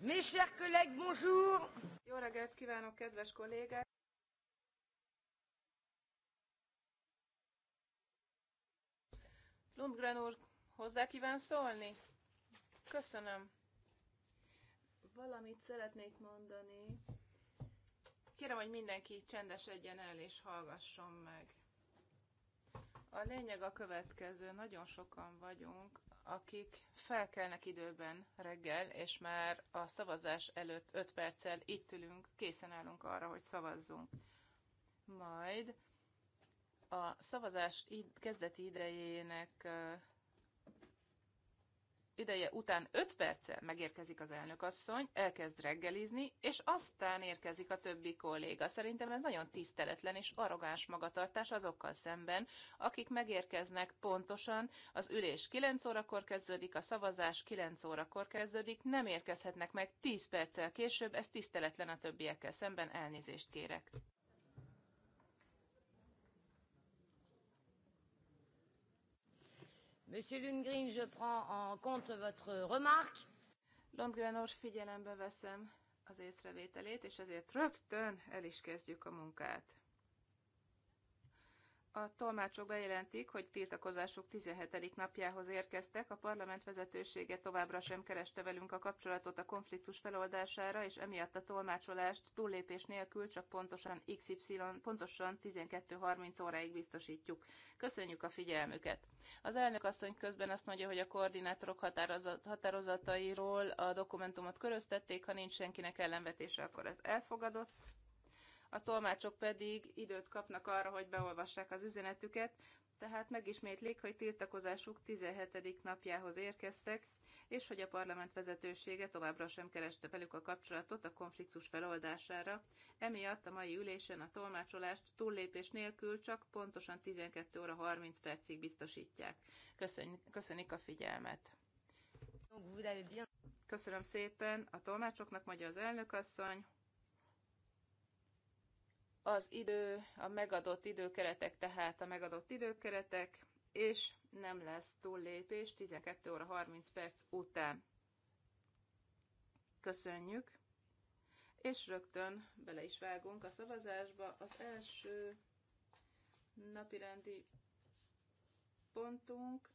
Mes chers collègues, bonjour! Jó reggelt kívánok, kedves kollégák! Lundgren úr, hozzá kíván szólni? Köszönöm. Valamit szeretnék mondani. Kérem, hogy mindenki csendesedjen el és hallgasson meg. A lényeg a következő, nagyon sokan vagyunk, akik felkelnek időben reggel, és már a szavazás előtt 5 perccel itt ülünk, készen állunk arra, hogy szavazzunk. Majd a szavazás kezdeti idejének ideje után 5 perccel megérkezik az elnökasszony, elkezd reggelizni, és aztán érkezik a többi kolléga. Szerintem ez nagyon tiszteletlen és arrogáns magatartás azokkal szemben, akik megérkeznek pontosan. Az ülés 9 órakor kezdődik, a szavazás 9 órakor kezdődik, nem érkezhetnek meg 10 perccel később, ez tiszteletlen a többiekkel szemben, elnézést kérek. Monsieur Lundgren, je prends en compte votre remarque. Lundgren úr, figyelembe veszem az észrevételét, és ezért rögtön el is kezdjük a munkát a tolmácsok bejelentik, hogy tiltakozásuk 17. napjához érkeztek, a parlament vezetősége továbbra sem kereste velünk a kapcsolatot a konfliktus feloldására, és emiatt a tolmácsolást túllépés nélkül csak pontosan XY, pontosan 12.30 óráig biztosítjuk. Köszönjük a figyelmüket! Az elnök asszony közben azt mondja, hogy a koordinátorok határozatairól a dokumentumot köröztették, ha nincs senkinek ellenvetése, akkor ez elfogadott a tolmácsok pedig időt kapnak arra, hogy beolvassák az üzenetüket, tehát megismétlik, hogy tiltakozásuk 17. napjához érkeztek, és hogy a parlament vezetősége továbbra sem kereste velük a kapcsolatot a konfliktus feloldására. Emiatt a mai ülésen a tolmácsolást túllépés nélkül csak pontosan 12 óra 30 percig biztosítják. Köszön, köszönik a figyelmet! Köszönöm szépen a tolmácsoknak, mondja az asszony az idő, a megadott időkeretek, tehát a megadott időkeretek, és nem lesz túllépés 12 óra 30 perc után. Köszönjük! És rögtön bele is vágunk a szavazásba. Az első napirendi pontunk.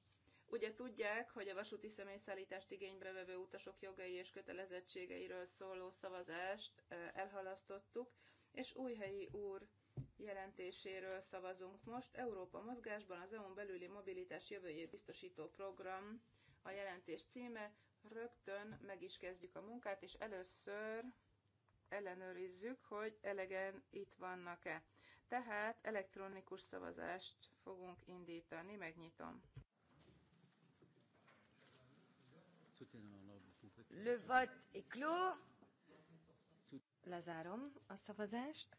Ugye tudják, hogy a vasúti személyszállítást igénybe vevő utasok jogai és kötelezettségeiről szóló szavazást eh, elhalasztottuk és Újhelyi úr jelentéséről szavazunk most. Európa mozgásban az EU-n belüli mobilitás jövőjét biztosító program a jelentés címe. Rögtön meg is kezdjük a munkát, és először ellenőrizzük, hogy elegen itt vannak-e. Tehát elektronikus szavazást fogunk indítani, megnyitom. Le vote est clos. Lezárom a szavazást.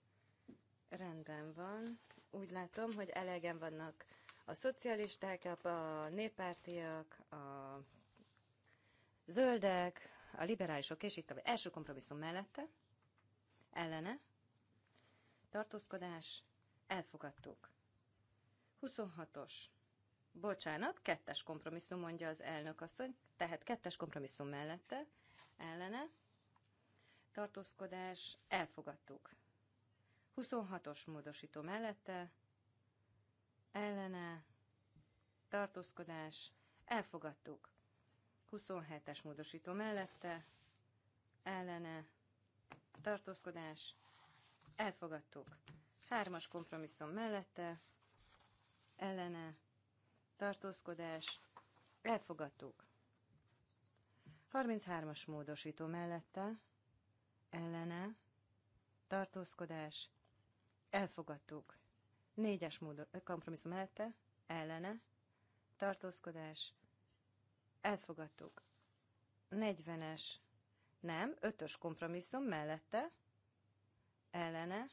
Rendben van. Úgy látom, hogy elegen vannak a szocialisták, a néppártiak, a zöldek, a liberálisok, és itt a első kompromisszum mellette, ellene, tartózkodás, elfogadtuk. 26-os. Bocsánat, kettes kompromisszum, mondja az elnök asszony, tehát kettes kompromisszum mellette, ellene, tartózkodás, elfogadtuk. 26-os módosító mellette, ellene, tartózkodás, elfogadtuk. 27-es módosító mellette, ellene, tartózkodás, elfogadtuk. 3-as kompromisszum mellette, ellene, tartózkodás, elfogadtuk. 33-as módosító mellette, ellene, tartózkodás, elfogadtuk. Négyes mód, kompromisszum mellette, ellene, tartózkodás, elfogadtuk. 40-es, nem, ötös kompromisszum mellette, ellene,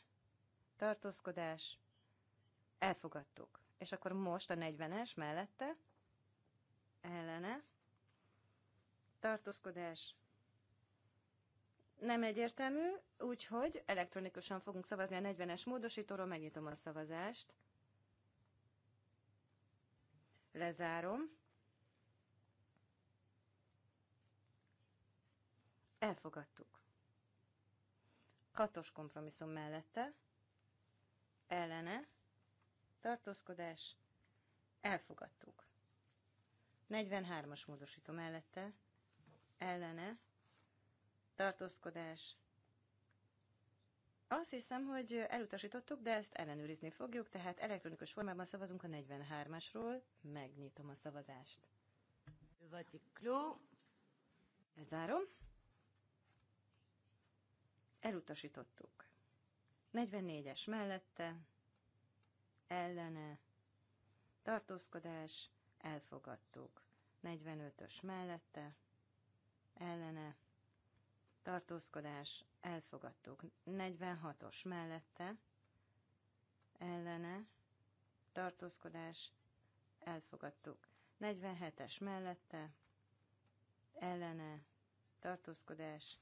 tartózkodás, elfogadtuk. És akkor most a 40-es mellette, ellene, tartózkodás, nem egyértelmű, úgyhogy elektronikusan fogunk szavazni a 40-es módosítóról, megnyitom a szavazást. Lezárom. Elfogadtuk. Hatos kompromisszum mellette. Ellene. Tartózkodás. Elfogadtuk. 43-as módosító mellette. Ellene tartózkodás. Azt hiszem, hogy elutasítottuk, de ezt ellenőrizni fogjuk, tehát elektronikus formában szavazunk a 43-asról. Megnyitom a szavazást. Vatikló. Lezárom. Elutasítottuk. 44-es mellette, ellene, tartózkodás, elfogadtuk. 45-ös mellette, ellene, tartózkodás, elfogadtuk. 46-os mellette, ellene, tartózkodás, elfogadtuk. 47-es mellette, ellene, tartózkodás,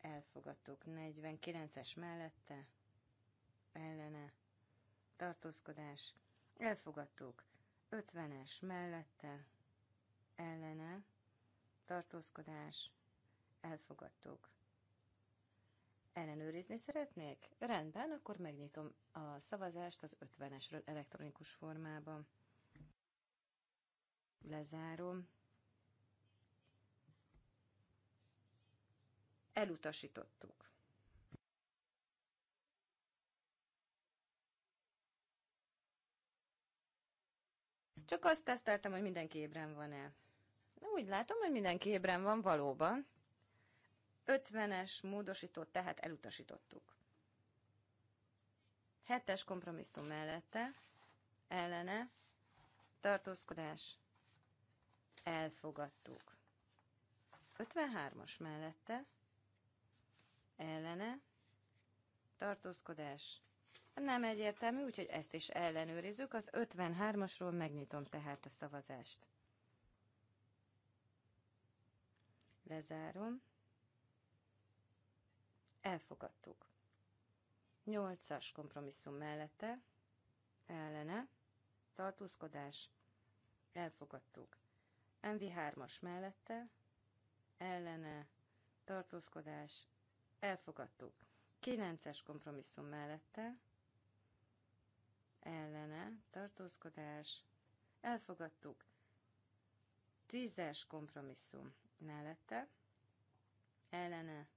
elfogadtuk. 49-es mellette, ellene, tartózkodás, elfogadtuk. 50-es mellette, ellene, tartózkodás, elfogadtuk. Ellenőrizni szeretnék? Rendben, akkor megnyitom a szavazást az 50-esről elektronikus formában. Lezárom. Elutasítottuk. Csak azt teszteltem, hogy mindenki ébren van-e. Úgy látom, hogy mindenki ébren van valóban. 50-es módosítót tehát elutasítottuk. 7-es kompromisszum mellette, ellene, tartózkodás, elfogadtuk. 53-as mellette, ellene, tartózkodás, nem egyértelmű, úgyhogy ezt is ellenőrizzük. Az 53-asról megnyitom tehát a szavazást. Lezárom. Elfogadtuk. Nyolcas kompromisszum mellette, ellene, tartózkodás, elfogadtuk. MV3-as mellette, ellene, tartózkodás, elfogadtuk. Kilences kompromisszum mellette, ellene, tartózkodás, elfogadtuk. Tízes kompromisszum mellette, ellene,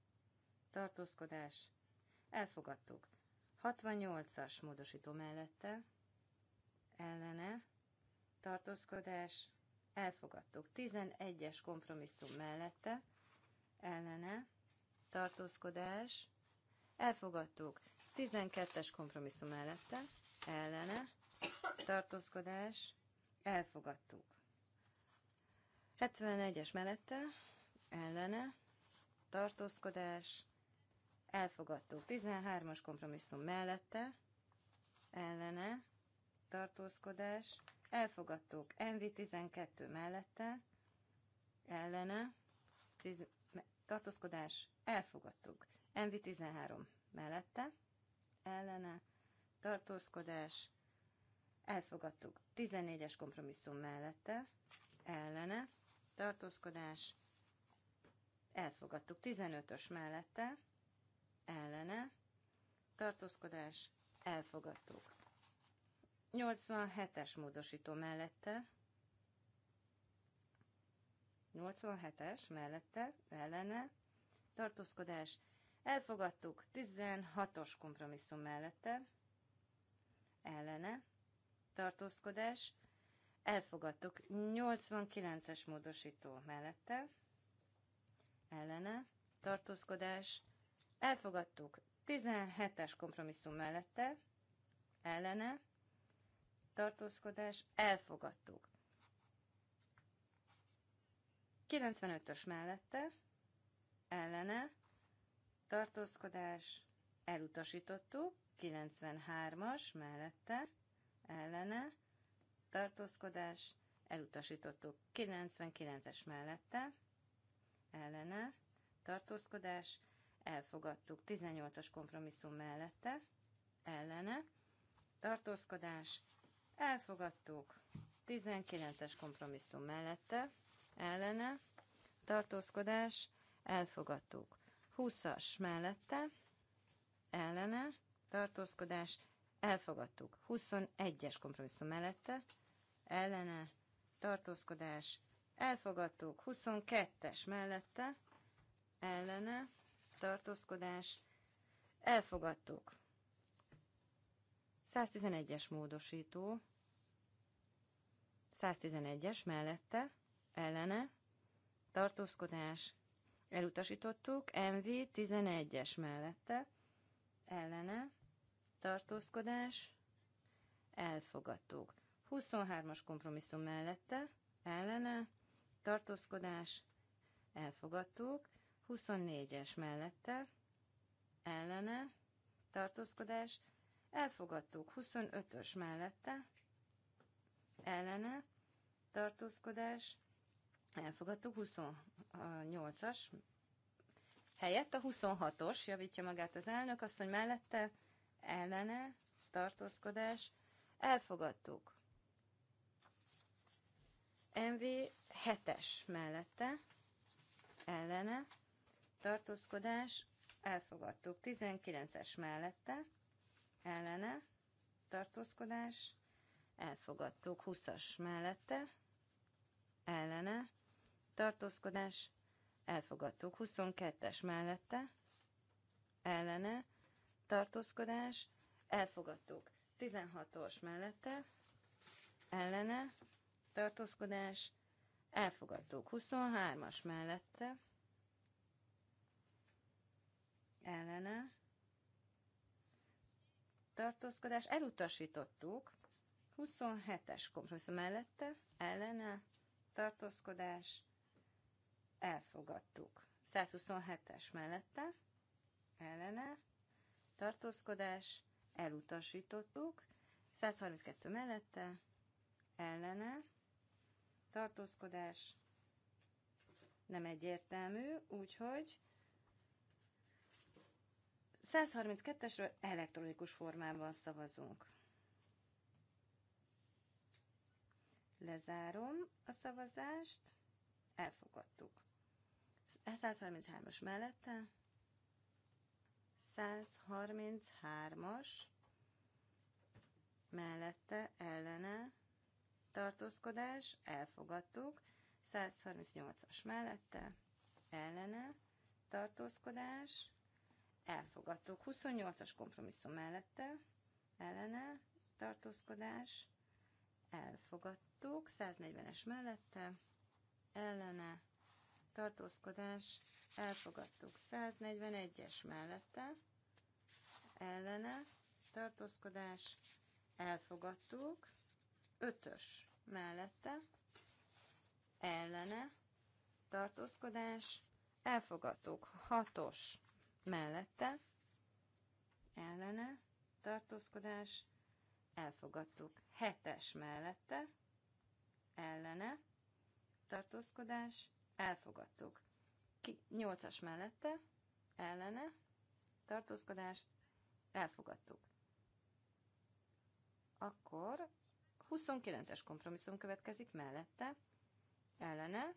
tartózkodás, elfogadtuk. 68-as módosító mellette, ellene, tartózkodás, elfogadtuk. 11-es kompromisszum mellette, ellene, tartózkodás, elfogadtuk. 12-es kompromisszum mellette, ellene, tartózkodás, elfogadtuk. 71-es mellette, ellene, tartózkodás, elfogadtuk. 13-as kompromisszum mellette, ellene, tartózkodás, elfogadtuk. envi 12 mellette, ellene, tiz, tartózkodás, elfogadtuk. Envi 13 mellette, ellene, tartózkodás, elfogadtuk. 14-es kompromisszum mellette, ellene, tartózkodás, elfogadtuk. 15-ös mellette, ellene, tartózkodás, elfogadtuk. 87-es módosító mellette, 87-es mellette, ellene, tartózkodás, elfogadtuk 16-os kompromisszum mellette, ellene, tartózkodás, elfogadtuk 89-es módosító mellette, ellene, tartózkodás, Elfogadtuk. 17-es kompromisszum mellette, ellene, tartózkodás, elfogadtuk. 95-ös mellette, ellene, tartózkodás, elutasítottuk. 93-as mellette, ellene, tartózkodás, elutasítottuk. 99-es mellette, ellene, tartózkodás, elfogadtuk. 18-as kompromisszum mellette, ellene, tartózkodás, elfogadtuk. 19-es kompromisszum mellette, ellene, tartózkodás, elfogadtuk. 20-as mellette, ellene, tartózkodás, elfogadtuk. 21-es kompromisszum mellette, ellene, tartózkodás, elfogadtuk. 22-es mellette, ellene, tartózkodás, elfogadtuk. 111-es módosító, 111-es mellette, ellene, tartózkodás, elutasítottuk, MV 11-es mellette, ellene, tartózkodás, elfogadtuk. 23-as kompromisszum mellette, ellene, tartózkodás, elfogadtuk. 24-es mellette, ellene, tartózkodás, elfogadtuk. 25-ös mellette, ellene, tartózkodás, elfogadtuk. 28-as helyett a 26-os, javítja magát az elnök, azt, mellette, ellene, tartózkodás, elfogadtuk. MV 7-es mellette, ellene, tartózkodás, elfogadtuk. 19-es mellette, ellene, tartózkodás, elfogadtuk. 20-as mellette, ellene, tartózkodás, elfogadtuk. 22-es mellette, ellene, tartózkodás, elfogadtuk. 16-os mellette, ellene, tartózkodás, elfogadtuk. 23-as mellette, ellene tartózkodás elutasítottuk, 27-es kompromisszum mellette ellene tartózkodás elfogadtuk. 127-es mellette ellene tartózkodás elutasítottuk, 132 mellette ellene tartózkodás nem egyértelmű, úgyhogy 132-esről elektronikus formában szavazunk. Lezárom a szavazást. Elfogadtuk. 133-as mellette. 133-as mellette ellene tartózkodás, elfogadtuk. 138-as mellette ellene tartózkodás, elfogadtuk. 28-as kompromisszum mellette, ellene, tartózkodás, elfogadtuk. 140-es mellette, ellene, tartózkodás, elfogadtuk. 141-es mellette, ellene, tartózkodás, elfogadtuk. 5-ös mellette, ellene, tartózkodás, elfogadtuk. 6-os mellette, ellene, tartózkodás, elfogadtuk. Hetes mellette, ellene, tartózkodás, elfogadtuk. Ki, nyolcas mellette, ellene, tartózkodás, elfogadtuk. Akkor 29-es kompromisszum következik mellette, ellene,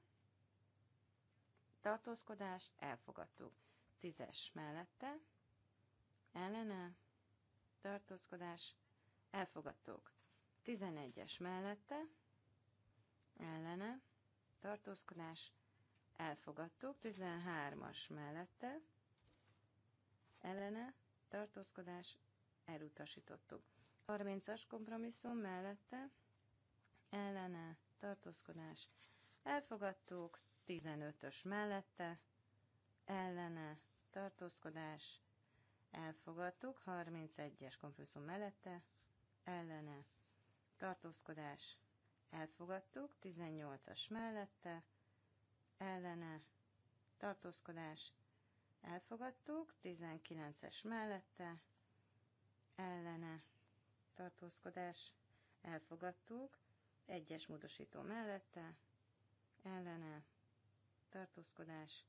tartózkodás, elfogadtuk. Tízes mellette, ellene, tartózkodás, elfogadtuk. Tizenegyes mellette, ellene, tartózkodás, elfogadtuk. Tizenhármas mellette, ellene, tartózkodás, elutasítottuk. 30-as kompromisszum mellette, ellene, tartózkodás, elfogadtuk, 15-ös mellette, ellene, tartózkodás, elfogadtuk, 31-es kompromisszum mellette, ellene, tartózkodás, elfogadtuk, 18-as mellette, ellene, tartózkodás, elfogadtuk, 19-es mellette, ellene, tartózkodás, elfogadtuk, egyes módosító mellette, ellene, tartózkodás,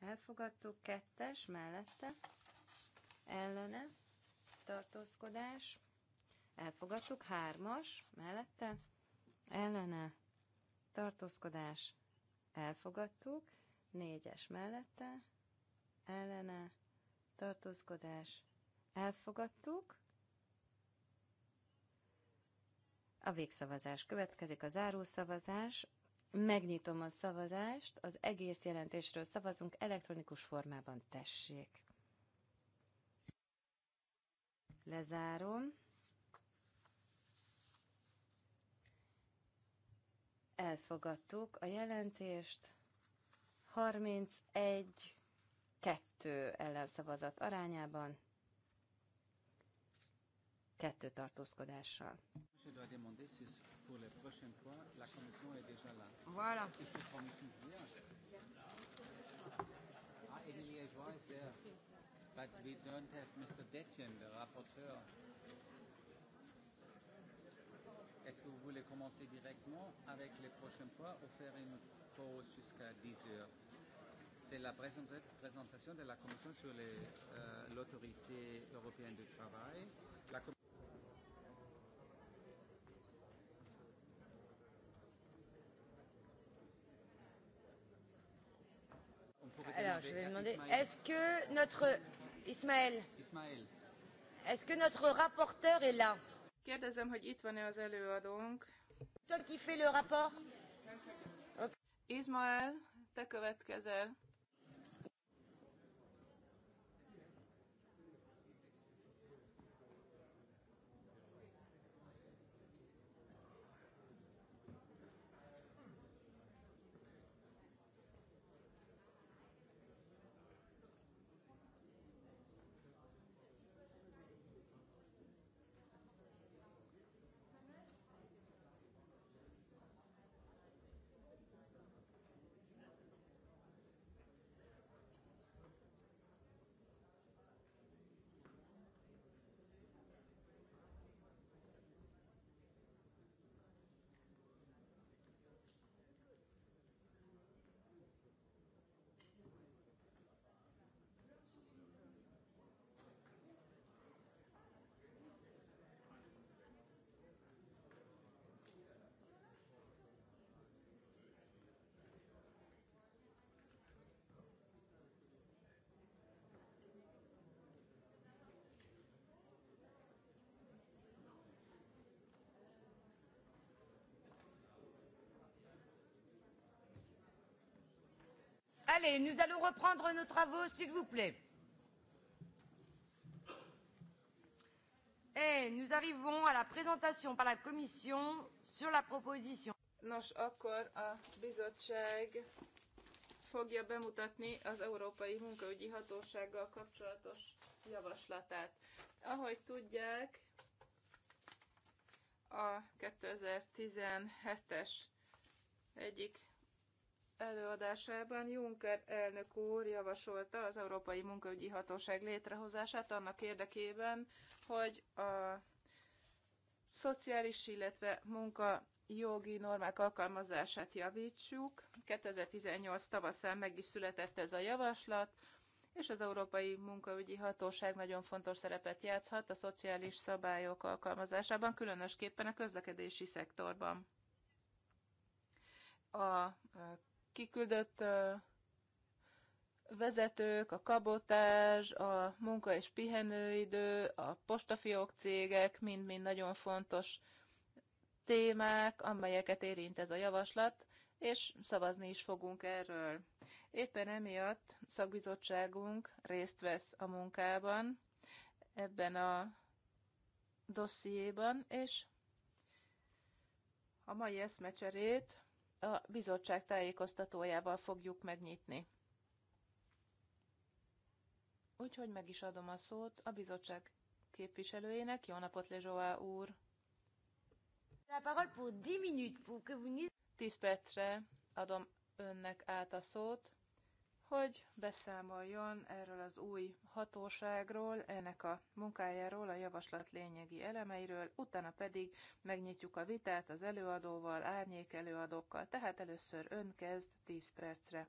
elfogadtuk, kettes mellette, ellene, tartózkodás, elfogadtuk, hármas mellette, ellene, tartózkodás, elfogadtuk, négyes mellette, ellene, tartózkodás, elfogadtuk, a végszavazás következik, a zárószavazás, Megnyitom a szavazást, az egész jelentésről szavazunk elektronikus formában, tessék. Lezárom. Elfogadtuk a jelentést. 31 2 ellenszavazat arányában, kettő tartózkodással pour les prochains points, la commission est déjà là. Voilà. Et c'est comme hier. Ah, et Liégeois is there. But we don't have Mr. Detjen, le rapporteur. Est-ce que vous voulez commencer directement avec les prochains points ou faire une pause jusqu'à 10 heures C'est la présentation de la Commission sur euh, l'autorité euh, européenne du travail. La Alors, je vais demander. Est-ce que notre. Ismaël. Est-ce que notre rapporteur est là? Kérdezem, hogy itt van-e az előadónk. Toi qui fais le rapport? Okay. Ismaël, te következel. Allez, nous allons reprendre nos travaux, s'il vous plaît. Et eh, nous arrivons à la présentation par la Commission sur la proposition. Nos, akkor a bizottság fogja bemutatni az Európai Munkaügyi Hatósággal kapcsolatos javaslatát. Ahogy tudják, a 2017-es egyik előadásában Juncker elnök úr javasolta az Európai Munkaügyi Hatóság létrehozását annak érdekében, hogy a szociális, illetve munka jogi normák alkalmazását javítsuk. 2018 tavaszán meg is született ez a javaslat, és az Európai Munkaügyi Hatóság nagyon fontos szerepet játszhat a szociális szabályok alkalmazásában, különösképpen a közlekedési szektorban. A kiküldött vezetők, a kabotás, a munka és pihenőidő, a postafiók cégek mind-mind nagyon fontos témák, amelyeket érint ez a javaslat, és szavazni is fogunk erről. Éppen emiatt szakbizottságunk részt vesz a munkában ebben a dossziéban, és a mai eszmecserét a bizottság tájékoztatójával fogjuk megnyitni. Úgyhogy meg is adom a szót a bizottság képviselőjének. Jó napot, Lezsóá úr! Tíz percre adom önnek át a szót, hogy beszámoljon erről az új hatóságról, ennek a munkájáról, a javaslat lényegi elemeiről, utána pedig megnyitjuk a vitát az előadóval, árnyék előadókkal, tehát először ön kezd 10 percre.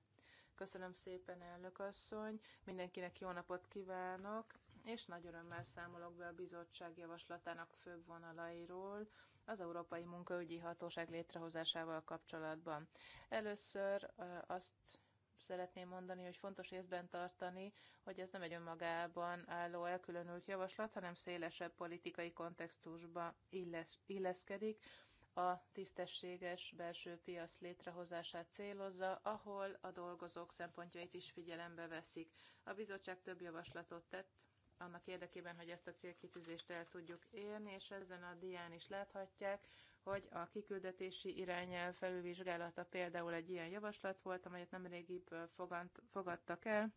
Köszönöm szépen, elnök asszony, mindenkinek jó napot kívánok, és nagy örömmel számolok be a bizottság javaslatának főbb vonalairól, az Európai Munkaügyi Hatóság létrehozásával kapcsolatban. Először azt szeretném mondani, hogy fontos észben tartani, hogy ez nem egy önmagában álló elkülönült javaslat, hanem szélesebb politikai kontextusba illes, illeszkedik, a tisztességes belső piac létrehozását célozza, ahol a dolgozók szempontjait is figyelembe veszik. A bizottság több javaslatot tett annak érdekében, hogy ezt a célkitűzést el tudjuk érni, és ezen a dián is láthatják, hogy a kiküldetési irányelv felülvizsgálata például egy ilyen javaslat volt, amelyet nemrégibb fogadtak el,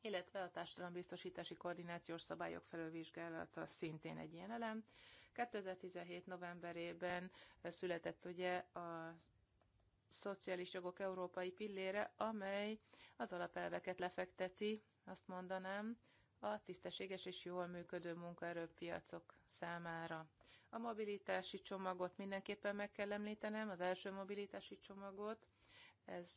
illetve a társadalombiztosítási koordinációs szabályok felülvizsgálata szintén egy ilyen elem. 2017. novemberében született ugye a szociális jogok európai pillére, amely az alapelveket lefekteti, azt mondanám, a tisztességes és jól működő munkaerőpiacok számára. A mobilitási csomagot mindenképpen meg kell említenem, az első mobilitási csomagot. Ez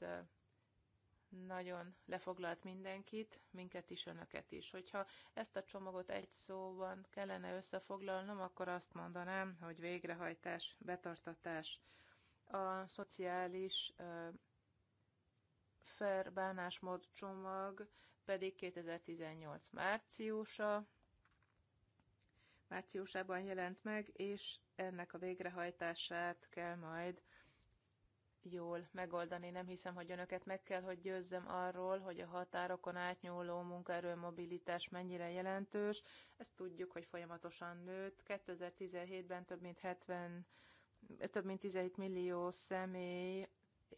nagyon lefoglalt mindenkit, minket is, önöket is. Hogyha ezt a csomagot egy szóban kellene összefoglalnom, akkor azt mondanám, hogy végrehajtás, betartatás, a szociális fair bánásmód csomag pedig 2018 márciusa, márciusában jelent meg, és ennek a végrehajtását kell majd jól megoldani. Nem hiszem, hogy önöket meg kell, hogy győzzem arról, hogy a határokon átnyúló munkaerő mobilitás mennyire jelentős. Ezt tudjuk, hogy folyamatosan nőtt. 2017-ben több mint 70 több mint 17 millió személy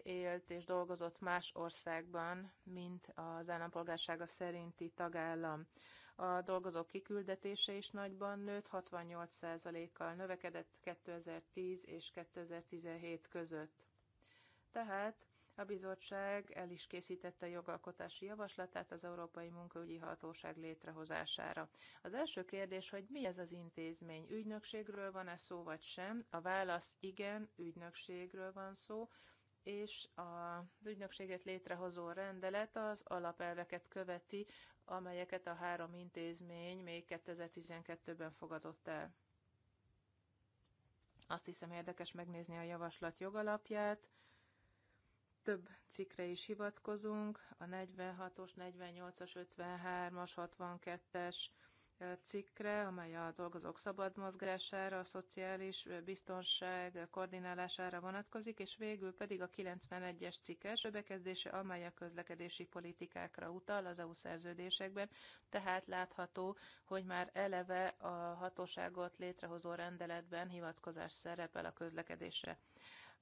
élt és dolgozott más országban, mint az állampolgársága szerinti tagállam. A dolgozók kiküldetése is nagyban nőtt, 68%-kal növekedett 2010 és 2017 között. Tehát a bizottság el is készítette jogalkotási javaslatát az Európai Munkaügyi Hatóság létrehozására. Az első kérdés, hogy mi ez az intézmény? Ügynökségről van-e szó vagy sem? A válasz igen, ügynökségről van szó, és az ügynökséget létrehozó rendelet az alapelveket követi, amelyeket a három intézmény még 2012-ben fogadott el. Azt hiszem érdekes megnézni a javaslat jogalapját. Több cikkre is hivatkozunk, a 46-os, 48-as, 53-as, 62-es, cikkre, amely a dolgozók szabad mozgására, a szociális biztonság koordinálására vonatkozik, és végül pedig a 91-es cikk első bekezdése, amely a közlekedési politikákra utal az EU szerződésekben, tehát látható, hogy már eleve a hatóságot létrehozó rendeletben hivatkozás szerepel a közlekedésre.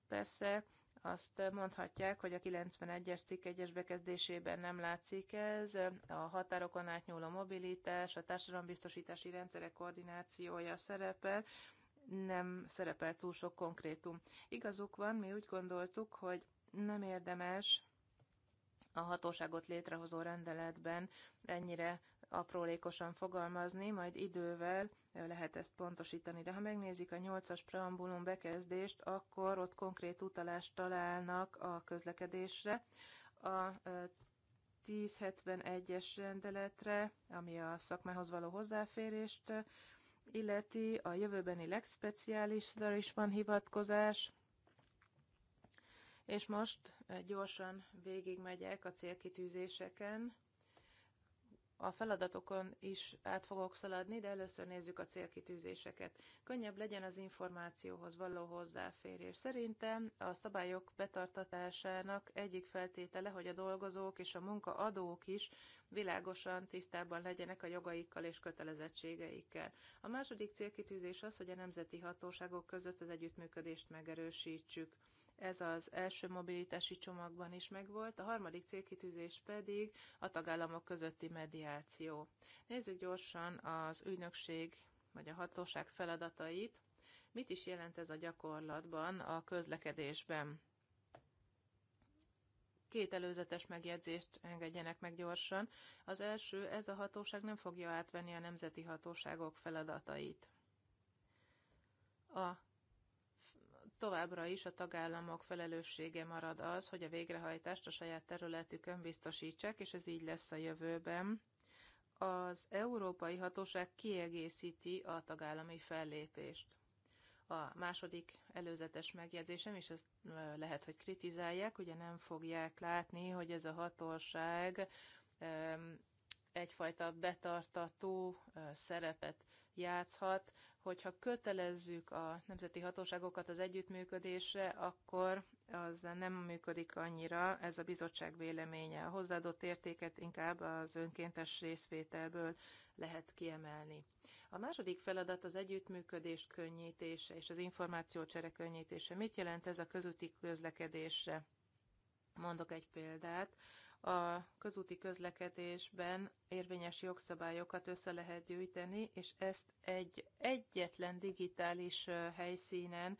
Persze azt mondhatják, hogy a 91-es cikk egyes bekezdésében nem látszik ez, a határokon átnyúló mobilitás, a társadalombiztosítási rendszerek koordinációja szerepel, nem szerepel túl sok konkrétum. Igazuk van, mi úgy gondoltuk, hogy nem érdemes a hatóságot létrehozó rendeletben ennyire aprólékosan fogalmazni, majd idővel lehet ezt pontosítani. De ha megnézik a 8-as preambulum bekezdést, akkor ott konkrét utalást találnak a közlekedésre. A 1071-es rendeletre, ami a szakmához való hozzáférést illeti, a jövőbeni legspeciálisra is van hivatkozás, és most gyorsan végigmegyek a célkitűzéseken a feladatokon is át fogok szaladni, de először nézzük a célkitűzéseket. Könnyebb legyen az információhoz való hozzáférés. Szerintem a szabályok betartatásának egyik feltétele, hogy a dolgozók és a munkaadók is világosan tisztában legyenek a jogaikkal és kötelezettségeikkel. A második célkitűzés az, hogy a nemzeti hatóságok között az együttműködést megerősítsük ez az első mobilitási csomagban is megvolt, a harmadik célkitűzés pedig a tagállamok közötti mediáció. Nézzük gyorsan az ügynökség vagy a hatóság feladatait. Mit is jelent ez a gyakorlatban, a közlekedésben? két előzetes megjegyzést engedjenek meg gyorsan. Az első, ez a hatóság nem fogja átvenni a nemzeti hatóságok feladatait. A továbbra is a tagállamok felelőssége marad az, hogy a végrehajtást a saját területükön biztosítsák, és ez így lesz a jövőben. Az Európai Hatóság kiegészíti a tagállami fellépést. A második előzetes megjegyzésem, és ezt lehet, hogy kritizálják, ugye nem fogják látni, hogy ez a hatóság egyfajta betartató szerepet játszhat, hogyha kötelezzük a nemzeti hatóságokat az együttműködésre, akkor az nem működik annyira, ez a bizottság véleménye. A hozzáadott értéket inkább az önkéntes részvételből lehet kiemelni. A második feladat az együttműködés könnyítése és az információcsere könnyítése. Mit jelent ez a közúti közlekedésre? Mondok egy példát a közúti közlekedésben érvényes jogszabályokat össze lehet gyűjteni, és ezt egy egyetlen digitális helyszínen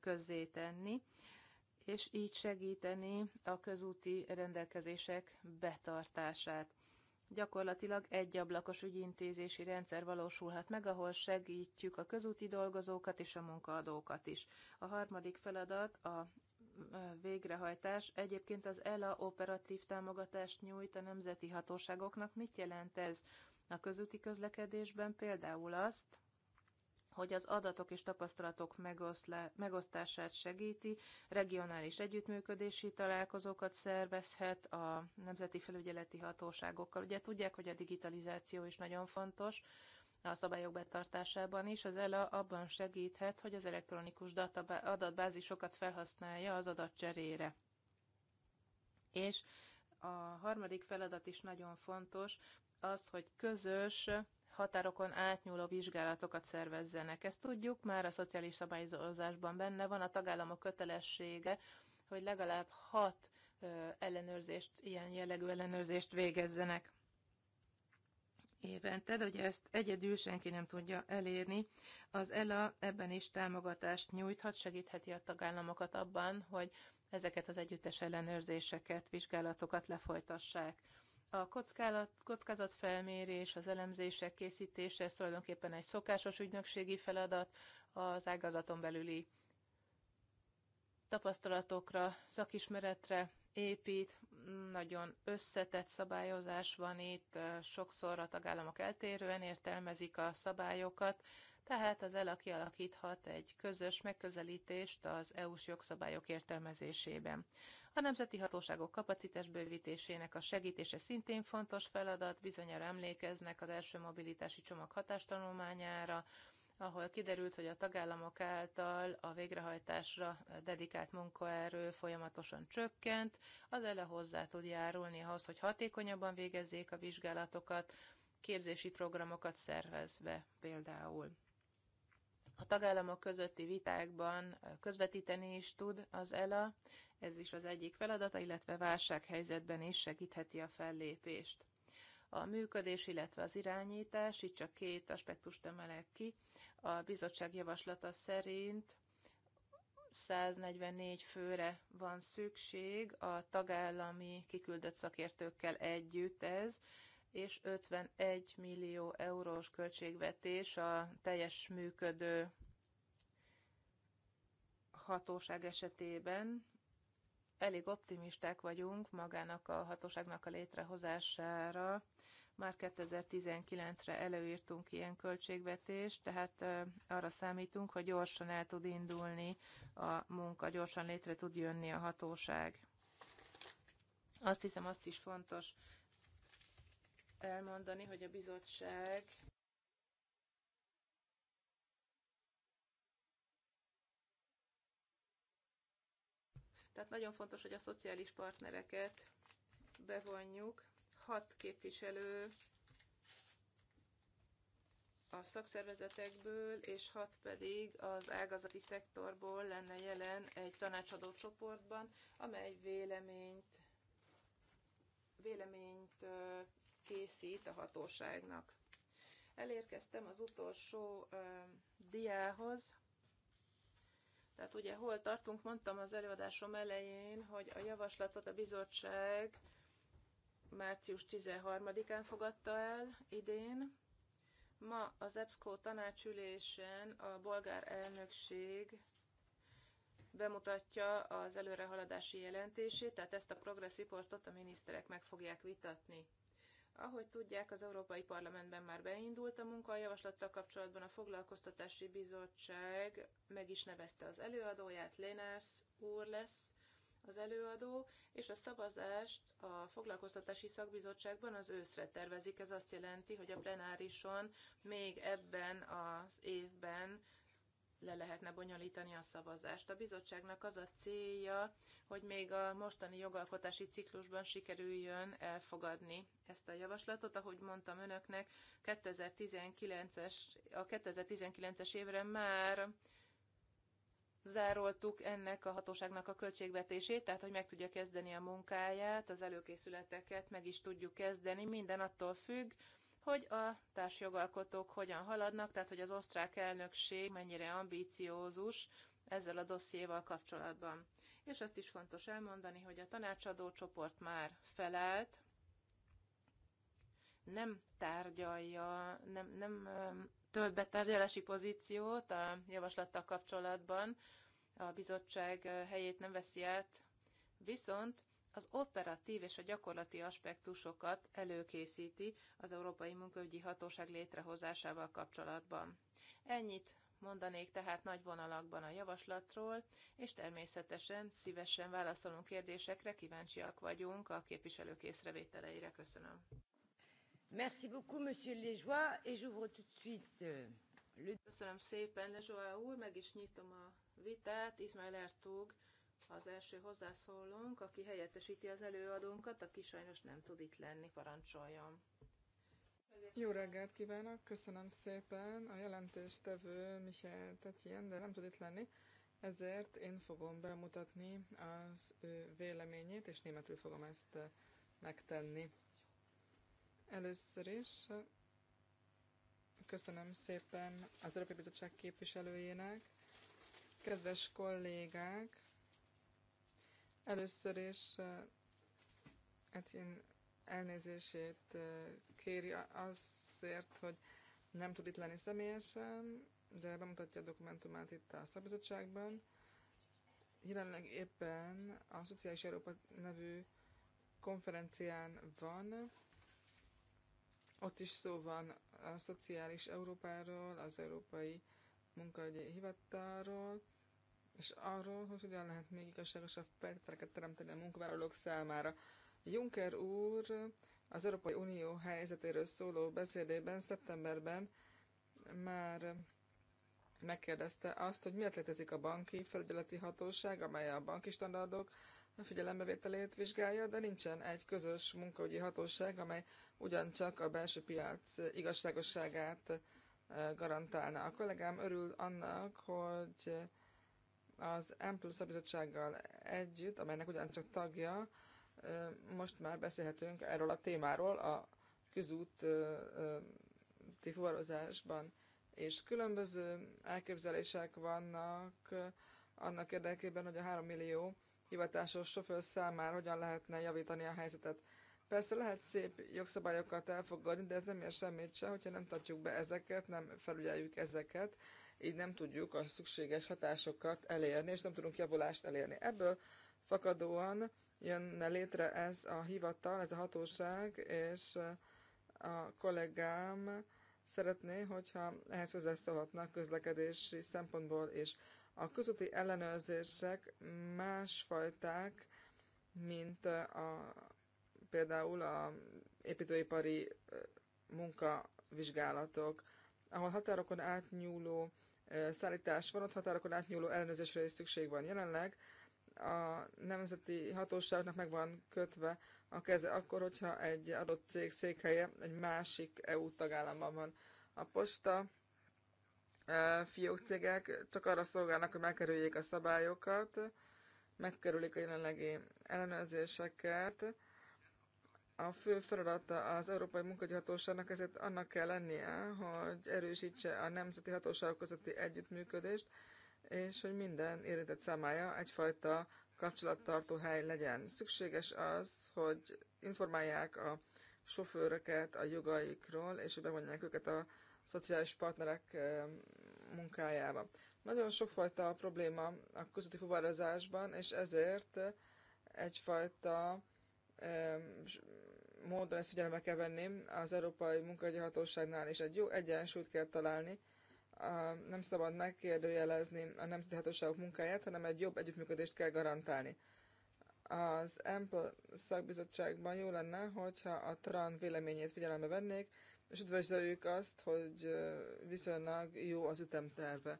közzétenni, és így segíteni a közúti rendelkezések betartását. Gyakorlatilag egy ablakos ügyintézési rendszer valósulhat meg, ahol segítjük a közúti dolgozókat és a munkaadókat is. A harmadik feladat a végrehajtás. Egyébként az ELA operatív támogatást nyújt a nemzeti hatóságoknak. Mit jelent ez a közúti közlekedésben? Például azt, hogy az adatok és tapasztalatok megosztását segíti, regionális együttműködési találkozókat szervezhet a nemzeti felügyeleti hatóságokkal. Ugye tudják, hogy a digitalizáció is nagyon fontos, a szabályok betartásában is. Az ELA abban segíthet, hogy az elektronikus adatbázisokat felhasználja az adatcserére. És a harmadik feladat is nagyon fontos, az, hogy közös határokon átnyúló vizsgálatokat szervezzenek. Ezt tudjuk, már a szociális szabályozásban benne van a tagállamok kötelessége, hogy legalább hat ellenőrzést, ilyen jellegű ellenőrzést végezzenek évente, de ugye ezt egyedül senki nem tudja elérni. Az ELA ebben is támogatást nyújthat, segítheti a tagállamokat abban, hogy ezeket az együttes ellenőrzéseket, vizsgálatokat lefolytassák. A kockázatfelmérés, az elemzések készítése, ez tulajdonképpen egy szokásos ügynökségi feladat, az ágazaton belüli tapasztalatokra, szakismeretre épít, nagyon összetett szabályozás van itt, sokszor a tagállamok eltérően értelmezik a szabályokat, tehát az ELA kialakíthat egy közös megközelítést az EU-s jogszabályok értelmezésében. A nemzeti hatóságok kapacitás bővítésének a segítése szintén fontos feladat, bizonyára emlékeznek az első mobilitási csomag hatástanulmányára, ahol kiderült, hogy a tagállamok által a végrehajtásra dedikált munkaerő folyamatosan csökkent, az ele hozzá tud járulni ahhoz, hogy hatékonyabban végezzék a vizsgálatokat, képzési programokat szervezve például. A tagállamok közötti vitákban közvetíteni is tud az ELA, ez is az egyik feladata, illetve válsághelyzetben is segítheti a fellépést a működés, illetve az irányítás, itt csak két aspektust emelek ki. A bizottság javaslata szerint 144 főre van szükség, a tagállami kiküldött szakértőkkel együtt ez, és 51 millió eurós költségvetés a teljes működő hatóság esetében, elég optimisták vagyunk magának a hatóságnak a létrehozására. Már 2019-re előírtunk ilyen költségvetést, tehát arra számítunk, hogy gyorsan el tud indulni a munka, gyorsan létre tud jönni a hatóság. Azt hiszem, azt is fontos elmondani, hogy a bizottság Tehát nagyon fontos, hogy a szociális partnereket bevonjuk. Hat képviselő a szakszervezetekből, és hat pedig az ágazati szektorból lenne jelen egy tanácsadó csoportban, amely véleményt, véleményt készít a hatóságnak. Elérkeztem az utolsó diához. Tehát ugye hol tartunk, mondtam az előadásom elején, hogy a javaslatot a bizottság március 13-án fogadta el idén. Ma az EBSCO tanácsülésen a bolgár elnökség bemutatja az előrehaladási jelentését, tehát ezt a progress reportot a miniszterek meg fogják vitatni. Ahogy tudják, az Európai Parlamentben már beindult a munka a javaslattal kapcsolatban, a Foglalkoztatási Bizottság meg is nevezte az előadóját, Lénárs úr lesz az előadó, és a szavazást a Foglalkoztatási Szakbizottságban az őszre tervezik. Ez azt jelenti, hogy a plenárison még ebben az évben le lehetne bonyolítani a szavazást. A bizottságnak az a célja, hogy még a mostani jogalkotási ciklusban sikerüljön elfogadni ezt a javaslatot. Ahogy mondtam önöknek, 2019-es, a 2019-es évre már zároltuk ennek a hatóságnak a költségvetését, tehát hogy meg tudja kezdeni a munkáját, az előkészületeket meg is tudjuk kezdeni, minden attól függ, hogy a társjogalkotók hogyan haladnak, tehát hogy az osztrák elnökség mennyire ambíciózus ezzel a dossziéval kapcsolatban. És azt is fontos elmondani, hogy a tanácsadó csoport már felelt, nem tárgyalja, nem, nem tölt be tárgyalási pozíciót a javaslattal kapcsolatban, a bizottság helyét nem veszi át, viszont az operatív és a gyakorlati aspektusokat előkészíti az Európai Munkaügyi Hatóság létrehozásával kapcsolatban. Ennyit mondanék tehát nagy vonalakban a javaslatról, és természetesen szívesen válaszolunk kérdésekre, kíváncsiak vagyunk a képviselők észrevételeire. Köszönöm. Merci beaucoup, monsieur Lejoie, et j'ouvre tout de suite euh, Köszönöm szépen, Lejoie úr, meg is nyitom a vitát. Ismail Ertug, az első hozzászólónk, aki helyettesíti az előadónkat, aki sajnos nem tud itt lenni, parancsoljon. Jó reggelt kívánok, köszönöm szépen. A jelentéstevő Michel Tetjén, de nem tud itt lenni, ezért én fogom bemutatni az ő véleményét, és németül fogom ezt eh, megtenni. Először is eh, köszönöm szépen az Európai Bizottság képviselőjének, kedves kollégák, Először is én elnézését kéri azért, hogy nem tud itt lenni személyesen, de bemutatja a dokumentumát itt a szabizottságban. Jelenleg éppen a Szociális Európa nevű konferencián van. Ott is szó van a Szociális Európáról, az Európai Munkahogyi Hivatalról, és arról, hogy hogyan lehet még igazságosabb feltételeket teremteni a munkavállalók számára. Juncker úr az Európai Unió helyzetéről szóló beszédében szeptemberben már megkérdezte azt, hogy miért létezik a banki felügyeleti hatóság, amely a banki standardok figyelembevételét vizsgálja, de nincsen egy közös munkaügyi hatóság, amely ugyancsak a belső piac igazságosságát eh, garantálna. A kollégám örül annak, hogy az M plusz bizottsággal együtt, amelynek ugyancsak tagja, most már beszélhetünk erről a témáról a közút fuvarozásban. És különböző elképzelések vannak annak érdekében, hogy a 3 millió hivatásos sofőr számára hogyan lehetne javítani a helyzetet. Persze lehet szép jogszabályokat elfogadni, de ez nem ér semmit se, hogyha nem tartjuk be ezeket, nem felügyeljük ezeket, így nem tudjuk a szükséges hatásokat elérni, és nem tudunk javulást elérni. Ebből fakadóan jönne létre ez a hivatal, ez a hatóság, és a kollégám szeretné, hogyha ehhez hozzászólhatnak közlekedési szempontból is. A közúti ellenőrzések másfajták, mint a például a építőipari munkavizsgálatok, ahol határokon átnyúló szállítás van, ott határokon átnyúló ellenőrzésre is szükség van jelenleg. A nemzeti hatóságnak meg van kötve a keze akkor, hogyha egy adott cég székhelye egy másik EU tagállamban van. A posta fiók cégek csak arra szolgálnak, hogy megkerüljék a szabályokat, megkerülik a jelenlegi ellenőrzéseket, a fő feladata az Európai Munkagyahatóságnak, ezért annak kell lennie, hogy erősítse a nemzeti hatóságok közötti együttműködést, és hogy minden érintett számája egyfajta kapcsolattartó hely legyen. Szükséges az, hogy informálják a sofőröket a jogaikról, és hogy bevonják őket a szociális partnerek eh, munkájába. Nagyon sokfajta probléma a közötti fuvarozásban, és ezért egyfajta eh, módon ezt figyelembe kell venni. Az Európai Munkahogyi Hatóságnál is egy jó egyensúlyt kell találni. Nem szabad megkérdőjelezni a nemzeti hatóságok munkáját, hanem egy jobb együttműködést kell garantálni. Az EMPL szakbizottságban jó lenne, hogyha a TRAN véleményét figyelembe vennék, és üdvözöljük azt, hogy viszonylag jó az ütemterve.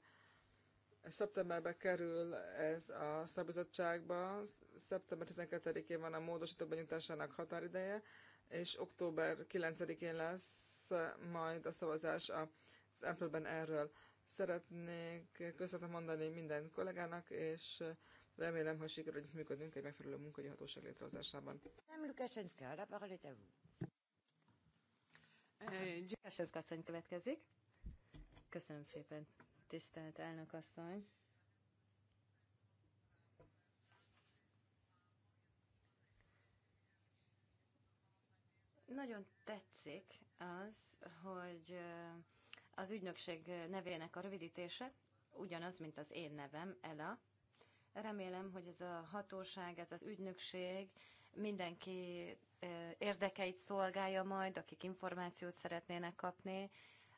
Szeptemberbe kerül ez a szakbizottságba, szeptember 12-én van a módosító benyújtásának határideje, és október 9-én lesz majd a szavazás az Apple-ben erről. Szeretnék köszönetet mondani minden kollégának, és remélem, hogy sikerül, hogy működünk egy megfelelő munkai hatóság létrehozásában. Nem Lukasenszka, a parole est à vous. Lukasenszka asszony következik. Köszönöm szépen, tisztelt elnök asszony. Nagyon tetszik az, hogy az ügynökség nevének a rövidítése ugyanaz, mint az én nevem, Ela. Remélem, hogy ez a hatóság, ez az ügynökség mindenki érdekeit szolgálja majd, akik információt szeretnének kapni,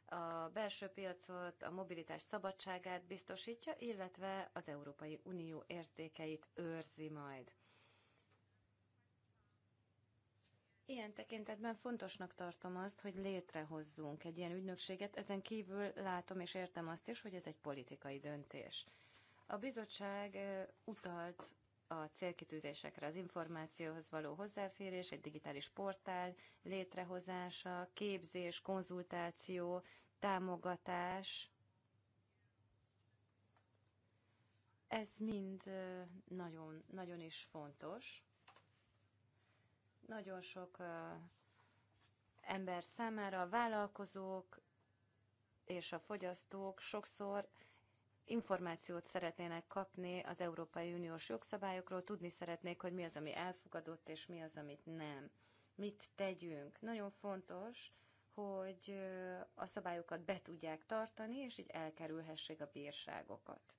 a belső piacot, a mobilitás szabadságát biztosítja, illetve az Európai Unió értékeit őrzi majd. Ilyen tekintetben fontosnak tartom azt, hogy létrehozzunk egy ilyen ügynökséget, ezen kívül látom és értem azt is, hogy ez egy politikai döntés. A bizottság utalt a célkitűzésekre, az információhoz való hozzáférés, egy digitális portál létrehozása, képzés, konzultáció, támogatás. Ez mind nagyon, nagyon is fontos. Nagyon sok ember számára a vállalkozók és a fogyasztók sokszor információt szeretnének kapni az Európai Uniós jogszabályokról, tudni szeretnék, hogy mi az, ami elfogadott, és mi az, amit nem. Mit tegyünk? Nagyon fontos, hogy a szabályokat be tudják tartani, és így elkerülhessék a bírságokat.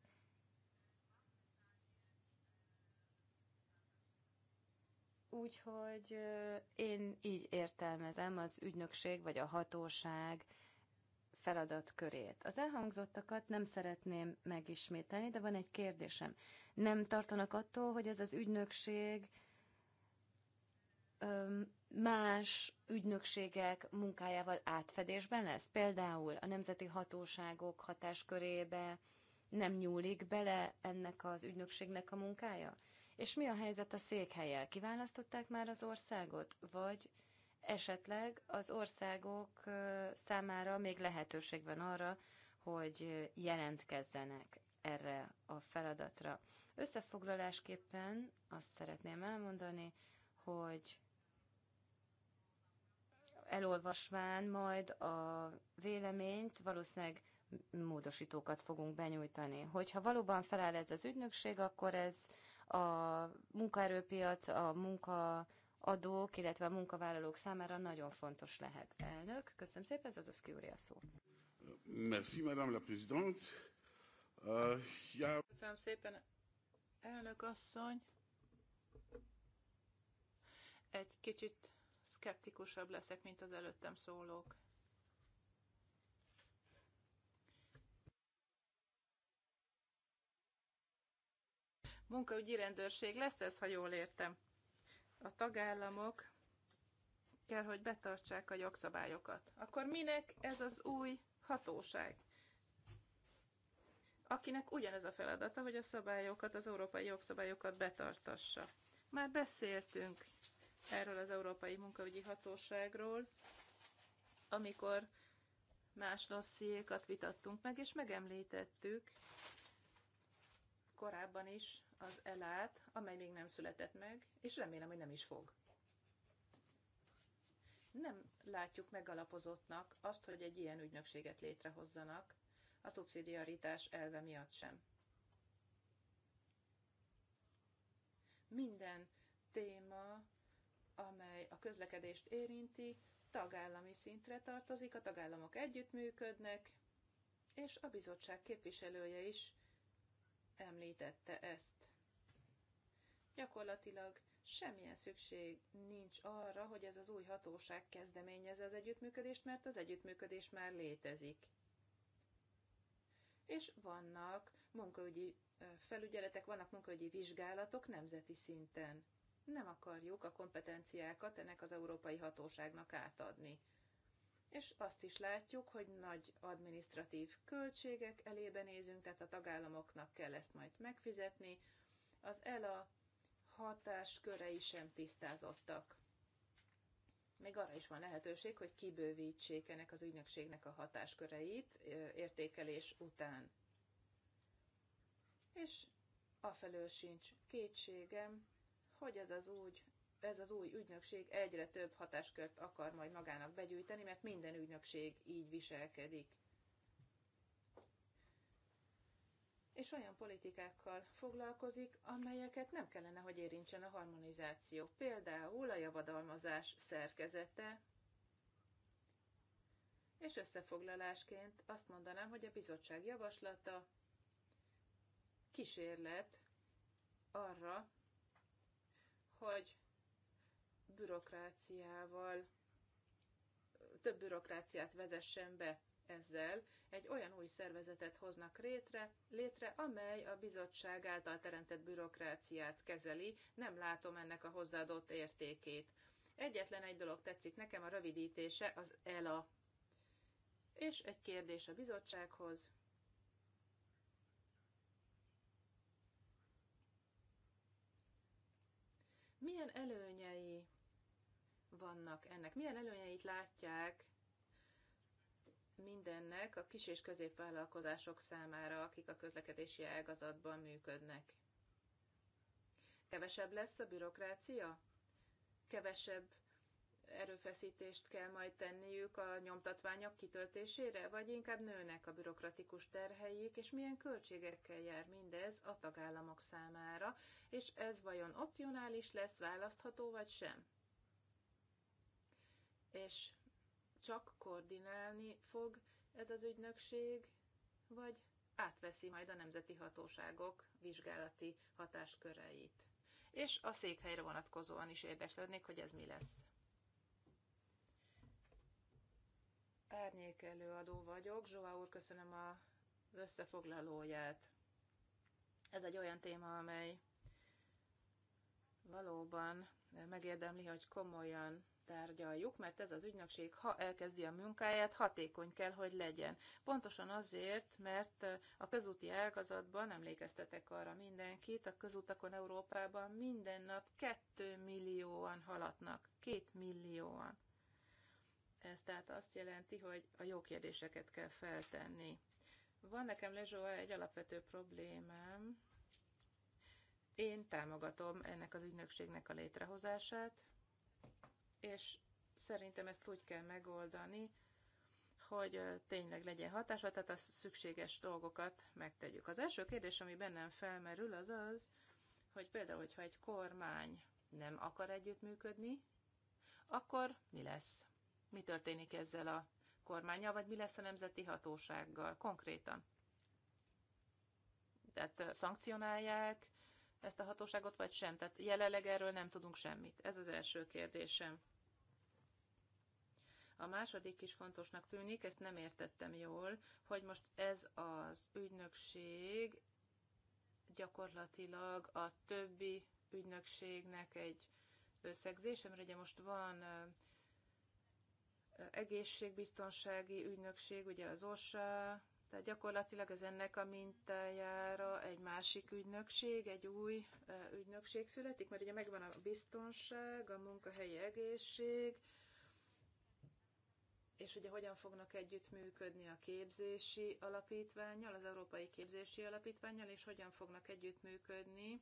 Úgyhogy én így értelmezem az ügynökség vagy a hatóság feladatkörét. Az elhangzottakat nem szeretném megismételni, de van egy kérdésem. Nem tartanak attól, hogy ez az ügynökség más ügynökségek munkájával átfedésben lesz? Például a nemzeti hatóságok hatáskörébe nem nyúlik bele ennek az ügynökségnek a munkája? És mi a helyzet a székhelyel? Kiválasztották már az országot, vagy esetleg az országok számára még lehetőség van arra, hogy jelentkezzenek erre a feladatra. Összefoglalásképpen azt szeretném elmondani, hogy elolvasván majd a véleményt valószínűleg módosítókat fogunk benyújtani. Hogyha valóban feláll ez az ügynökség, akkor ez a munkaerőpiac, a munkaadók, illetve a munkavállalók számára nagyon fontos lehet. Elnök, köszönöm szépen, Zadoszki úr a szó. Merci, madame la présidente. Uh, ja... Köszönöm szépen, elnök asszony. Egy kicsit szkeptikusabb leszek, mint az előttem szólók. munkaügyi rendőrség lesz ez, ha jól értem. A tagállamok kell, hogy betartsák a jogszabályokat. Akkor minek ez az új hatóság? akinek ugyanez a feladata, hogy a szabályokat, az európai jogszabályokat betartassa. Már beszéltünk erről az Európai Munkaügyi Hatóságról, amikor más dossziékat vitattunk meg, és megemlítettük korábban is, az elát, amely még nem született meg, és remélem, hogy nem is fog. Nem látjuk megalapozottnak azt, hogy egy ilyen ügynökséget létrehozzanak, a szubszidiaritás elve miatt sem. Minden téma, amely a közlekedést érinti, tagállami szintre tartozik, a tagállamok együttműködnek, és a bizottság képviselője is említette ezt gyakorlatilag semmilyen szükség nincs arra, hogy ez az új hatóság kezdeményezze az együttműködést, mert az együttműködés már létezik. És vannak munkaügyi felügyeletek, vannak munkaügyi vizsgálatok nemzeti szinten. Nem akarjuk a kompetenciákat ennek az európai hatóságnak átadni. És azt is látjuk, hogy nagy administratív költségek elébe nézünk, tehát a tagállamoknak kell ezt majd megfizetni. Az ELA hatáskörei sem tisztázottak. Még arra is van lehetőség, hogy kibővítsék ennek az ügynökségnek a hatásköreit értékelés után. És afelől sincs kétségem, hogy ez az, úgy, ez az új ügynökség egyre több hatáskört akar majd magának begyűjteni, mert minden ügynökség így viselkedik. és olyan politikákkal foglalkozik, amelyeket nem kellene, hogy érintsen a harmonizáció. Például a javadalmazás szerkezete, és összefoglalásként azt mondanám, hogy a bizottság javaslata kísérlet arra, hogy bürokráciával, több bürokráciát vezessen be ezzel egy olyan új szervezetet hoznak létre, létre, amely a bizottság által teremtett bürokráciát kezeli, nem látom ennek a hozzáadott értékét. Egyetlen egy dolog tetszik nekem, a rövidítése az ELA. És egy kérdés a bizottsághoz. Milyen előnyei vannak ennek? Milyen előnyeit látják mindennek a kis- és középvállalkozások számára, akik a közlekedési ágazatban működnek. Kevesebb lesz a bürokrácia? Kevesebb erőfeszítést kell majd tenniük a nyomtatványok kitöltésére, vagy inkább nőnek a bürokratikus terheik, és milyen költségekkel jár mindez a tagállamok számára, és ez vajon opcionális lesz, választható vagy sem? És csak koordinálni fog ez az ügynökség, vagy átveszi majd a nemzeti hatóságok vizsgálati hatásköreit. És a székhelyre vonatkozóan is érdeklődnék, hogy ez mi lesz. Árnyék előadó vagyok. Zsóa úr, köszönöm az összefoglalóját. Ez egy olyan téma, amely valóban megérdemli, hogy komolyan tárgyaljuk, mert ez az ügynökség, ha elkezdi a munkáját, hatékony kell, hogy legyen. Pontosan azért, mert a közúti ágazatban, emlékeztetek arra mindenkit, a közutakon Európában minden nap 2 millióan haladnak. 2 millióan. Ez tehát azt jelenti, hogy a jó kérdéseket kell feltenni. Van nekem Lezsóa egy alapvető problémám. Én támogatom ennek az ügynökségnek a létrehozását, és szerintem ezt úgy kell megoldani, hogy tényleg legyen hatása, tehát a szükséges dolgokat megtegyük. Az első kérdés, ami bennem felmerül, az az, hogy például, hogyha egy kormány nem akar együttműködni, akkor mi lesz? Mi történik ezzel a kormányjal, vagy mi lesz a nemzeti hatósággal konkrétan? Tehát szankcionálják, ezt a hatóságot, vagy sem? Tehát jelenleg erről nem tudunk semmit. Ez az első kérdésem. A második is fontosnak tűnik, ezt nem értettem jól, hogy most ez az ügynökség gyakorlatilag a többi ügynökségnek egy mert ugye most van egészségbiztonsági ügynökség, ugye az OSA, tehát gyakorlatilag ez ennek a mintájára egy másik ügynökség, egy új ügynökség születik, mert ugye megvan a biztonság, a munkahelyi egészség, és ugye hogyan fognak együttműködni a képzési alapítványjal, az Európai Képzési Alapítványjal, és hogyan fognak együttműködni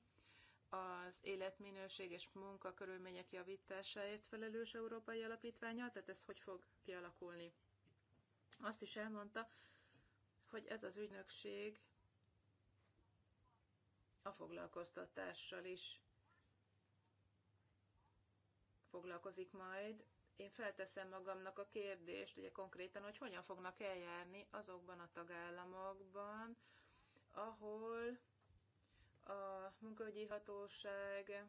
az életminőség és munkakörülmények javításáért felelős Európai Alapítványal, tehát ez hogy fog kialakulni. Azt is elmondta, hogy ez az ügynökség a foglalkoztatással is foglalkozik majd. Én felteszem magamnak a kérdést, ugye konkrétan, hogy hogyan fognak eljárni azokban a tagállamokban, ahol a munkahogyi hatóság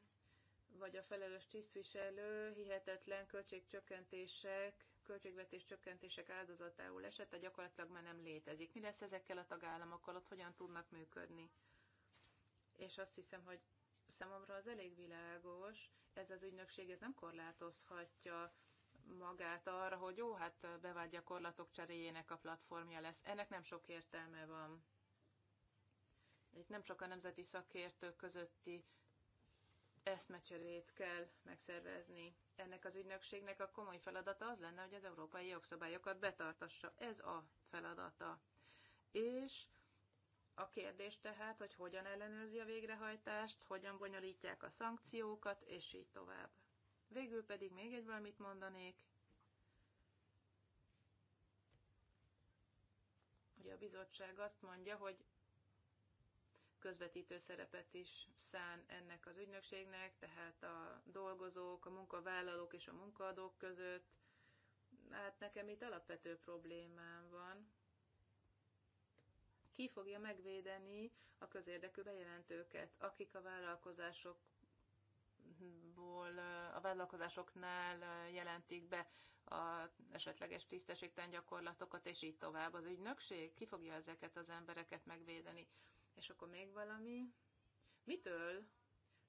vagy a felelős tisztviselő hihetetlen költségcsökkentések költségvetés csökkentések áldozatául esett, a gyakorlatilag már nem létezik. Mi lesz ezekkel a tagállamokkal, ott hogyan tudnak működni? És azt hiszem, hogy számomra az elég világos, ez az ügynökség ez nem korlátozhatja magát arra, hogy jó, hát bevált gyakorlatok cseréjének a platformja lesz. Ennek nem sok értelme van. Itt nem csak a nemzeti szakértők közötti eszmecserét kell megszervezni. Ennek az ügynökségnek a komoly feladata az lenne, hogy az európai jogszabályokat betartassa. Ez a feladata. És a kérdés tehát, hogy hogyan ellenőrzi a végrehajtást, hogyan bonyolítják a szankciókat, és így tovább. Végül pedig még egy valamit mondanék. Ugye a bizottság azt mondja, hogy közvetítő szerepet is szán ennek az ügynökségnek, tehát a dolgozók, a munkavállalók és a munkaadók között. Hát nekem itt alapvető problémám van. Ki fogja megvédeni a közérdekű bejelentőket, akik a vállalkozások a vállalkozásoknál jelentik be a esetleges tisztességtelen gyakorlatokat, és így tovább. Az ügynökség ki fogja ezeket az embereket megvédeni? És akkor még valami. Mitől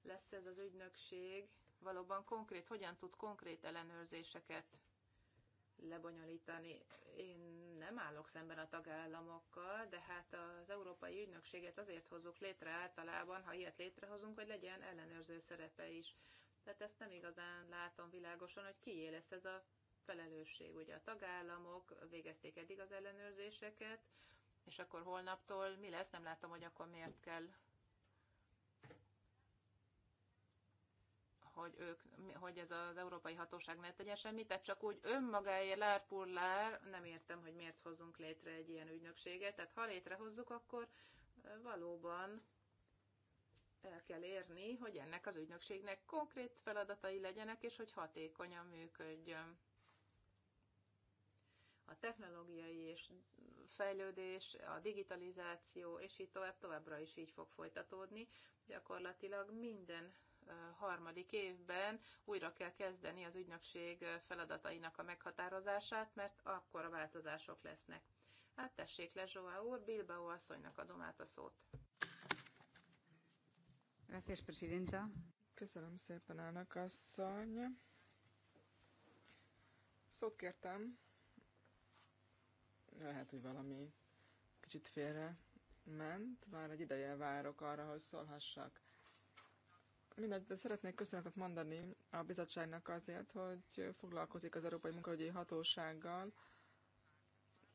lesz ez az ügynökség valóban konkrét, hogyan tud konkrét ellenőrzéseket lebonyolítani. Én nem állok szemben a tagállamokkal, de hát az Európai Ügynökséget azért hozzuk létre általában, ha ilyet létrehozunk, hogy legyen ellenőrző szerepe is. Tehát ezt nem igazán látom világosan, hogy kié lesz ez a felelősség. Ugye a tagállamok végezték eddig az ellenőrzéseket, és akkor holnaptól mi lesz? Nem látom, hogy akkor miért kell hogy, ők, hogy ez az európai hatóság ne tegyen semmit, tehát csak úgy önmagáért lárpullár, nem értem, hogy miért hozzunk létre egy ilyen ügynökséget, tehát ha létrehozzuk, akkor valóban el kell érni, hogy ennek az ügynökségnek konkrét feladatai legyenek, és hogy hatékonyan működjön. A technológiai és fejlődés, a digitalizáció, és így tovább, továbbra is így fog folytatódni. Gyakorlatilag minden harmadik évben újra kell kezdeni az ügynökség feladatainak a meghatározását, mert akkor a változások lesznek. Hát tessék le, Zsóa úr, Bilbao asszonynak adom át a szót. Gracias, Presidenta. Köszönöm szépen, elnök asszony. Szót kértem lehet, hogy valami kicsit félre ment. Már egy ideje várok arra, hogy szólhassak. Mindegy, de szeretnék köszönetet mondani a bizottságnak azért, hogy foglalkozik az Európai Munkahogyi Hatósággal.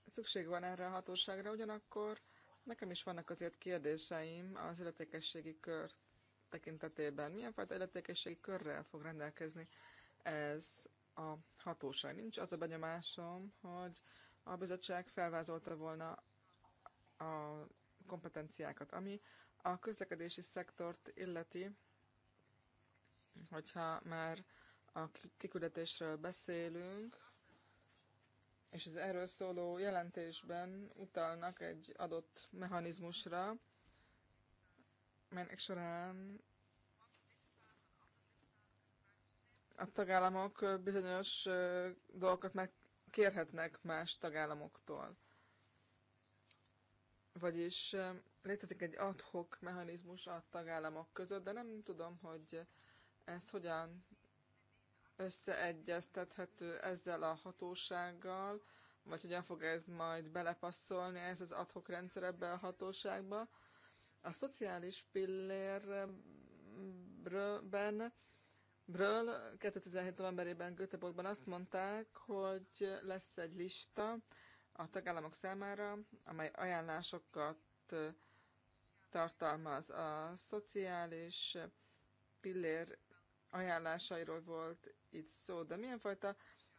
Szükség van erre a hatóságra, ugyanakkor nekem is vannak azért kérdéseim az illetékességi kör tekintetében. Milyen fajta illetékességi körrel fog rendelkezni ez a hatóság? Nincs az a benyomásom, hogy a bizottság felvázolta volna a kompetenciákat, ami a közlekedési szektort illeti, hogyha már a kiküldetésről beszélünk, és az erről szóló jelentésben utalnak egy adott mechanizmusra, melynek során a tagállamok bizonyos dolgokat meg kérhetnek más tagállamoktól. Vagyis létezik egy adhok mechanizmus a tagállamok között, de nem tudom, hogy ez hogyan összeegyeztethető ezzel a hatósággal, vagy hogyan fog ez majd belepasszolni ez az adhok rendszer ebbe a hatóságba. A szociális pillérben Bről 2017. novemberében Göteborgban azt mondták, hogy lesz egy lista a tagállamok számára, amely ajánlásokat tartalmaz. A szociális pillér ajánlásairól volt itt szó, de milyen fajta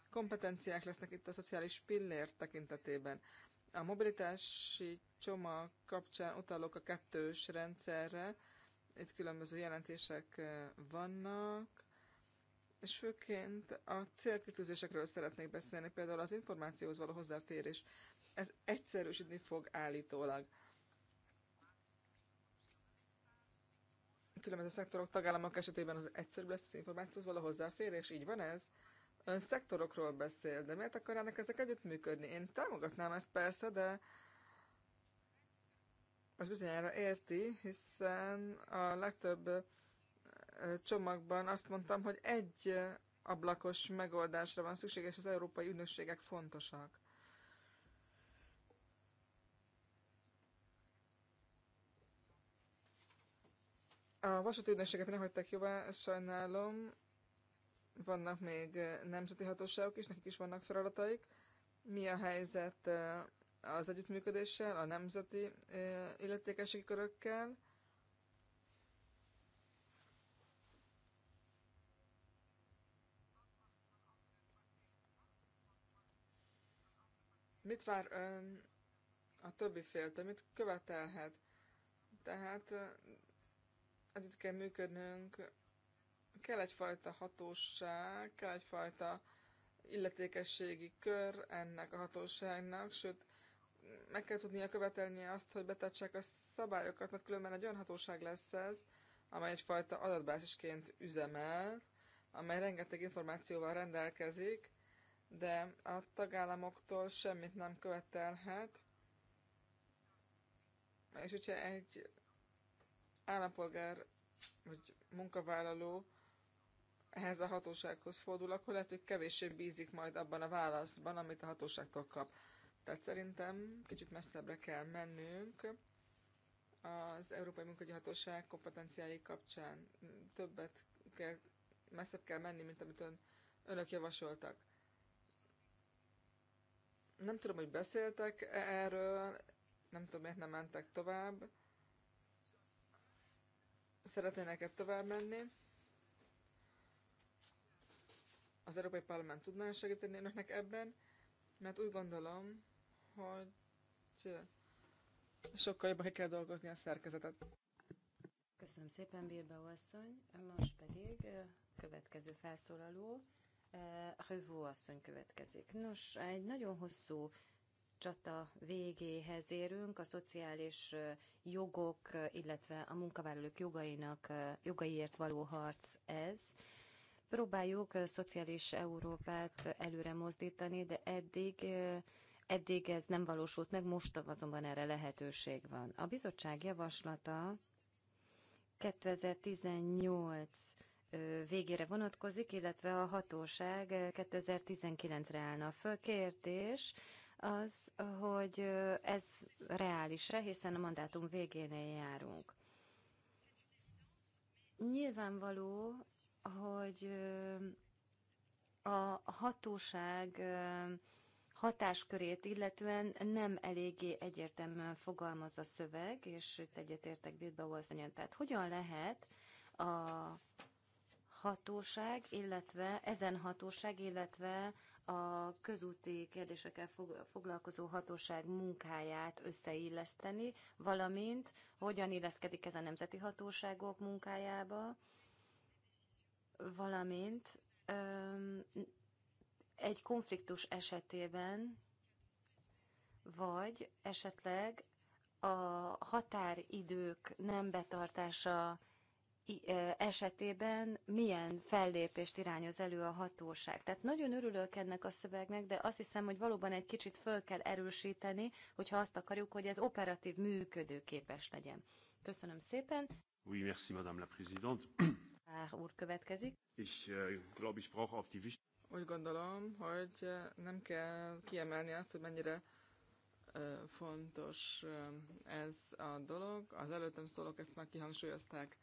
kompetenciák lesznek itt a szociális pillér tekintetében? A mobilitási csomag kapcsán utalok a kettős rendszerre, itt különböző jelentések vannak, és főként a célkitűzésekről szeretnék beszélni, például az információhoz való hozzáférés. Ez egyszerűsödni fog állítólag. Különböző szektorok, tagállamok esetében az egyszerűbb lesz az információhoz való hozzáférés, így van ez? Ön szektorokról beszél, de miért akarnának ezek együttműködni? Én támogatnám ezt persze, de az bizonyára érti, hiszen a legtöbb csomagban azt mondtam, hogy egy ablakos megoldásra van szükség, és az európai ügynökségek fontosak. A vasúti ügynökséget nem hagyták jóvá, ezt sajnálom. Vannak még nemzeti hatóságok is, nekik is vannak feladataik. Mi a helyzet eh, az együttműködéssel, a nemzeti eh, illetékességi körökkel? Mit vár ön a többi féltől? Mit követelhet? Tehát együtt kell működnünk, kell egyfajta hatóság, kell egyfajta illetékességi kör ennek a hatóságnak, sőt, meg kell tudnia követelni azt, hogy betartsák a szabályokat, mert különben egy olyan hatóság lesz ez, amely egyfajta adatbázisként üzemel, amely rengeteg információval rendelkezik, de a tagállamoktól semmit nem követelhet. És hogyha egy állampolgár vagy munkavállaló ehhez a hatósághoz fordul, akkor lehet, hogy kevésbé bízik majd abban a válaszban, amit a hatóságtól kap. Tehát szerintem kicsit messzebbre kell mennünk az Európai Munkagyi Hatóság kompetenciái kapcsán. Többet kell, messzebb kell menni, mint amit ön, önök javasoltak. Nem tudom, hogy beszéltek -e erről, nem tudom, miért nem mentek tovább. Szeretnének-e tovább menni? Az Európai Parlament tudná segíteni önöknek ebben, mert úgy gondolom, hogy sokkal jobban kell dolgozni a szerkezetet. Köszönöm szépen, Bírba asszony. Most pedig következő felszólaló, Eh, Revó asszony következik. Nos, egy nagyon hosszú csata végéhez érünk, a szociális eh, jogok, eh, illetve a munkavállalók jogainak, jogaiért való harc ez. Próbáljuk szociális Európát előre mozdítani, de eddig Eddig ez nem valósult meg, most azonban erre lehetőség van. A bizottság javaslata 2018 végére vonatkozik, illetve a hatóság 2019-re állna föl. Kérdés az, hogy ez reális-e, hiszen a mandátum végénél járunk. Nyilvánvaló, hogy a hatóság hatáskörét illetően nem eléggé egyértelműen fogalmaz a szöveg, és itt egyetértek Bilbao asszonyon. Tehát hogyan lehet a hatóság, illetve ezen hatóság, illetve a közúti kérdésekkel foglalkozó hatóság munkáját összeilleszteni, valamint hogyan illeszkedik ez a nemzeti hatóságok munkájába, valamint öm, egy konfliktus esetében, vagy esetleg a határidők nem betartása esetében milyen fellépést irányoz elő a hatóság. Tehát nagyon örülök ennek a szövegnek, de azt hiszem, hogy valóban egy kicsit föl kell erősíteni, hogyha azt akarjuk, hogy ez operatív működőképes legyen. Köszönöm szépen. Oui, merci, Madame la Présidente. Ár úr következik. Ich glaube, ich brauche auf die Úgy gondolom, hogy nem kell kiemelni azt, hogy mennyire fontos ez a dolog. Az előttem szólók ezt már kihangsúlyozták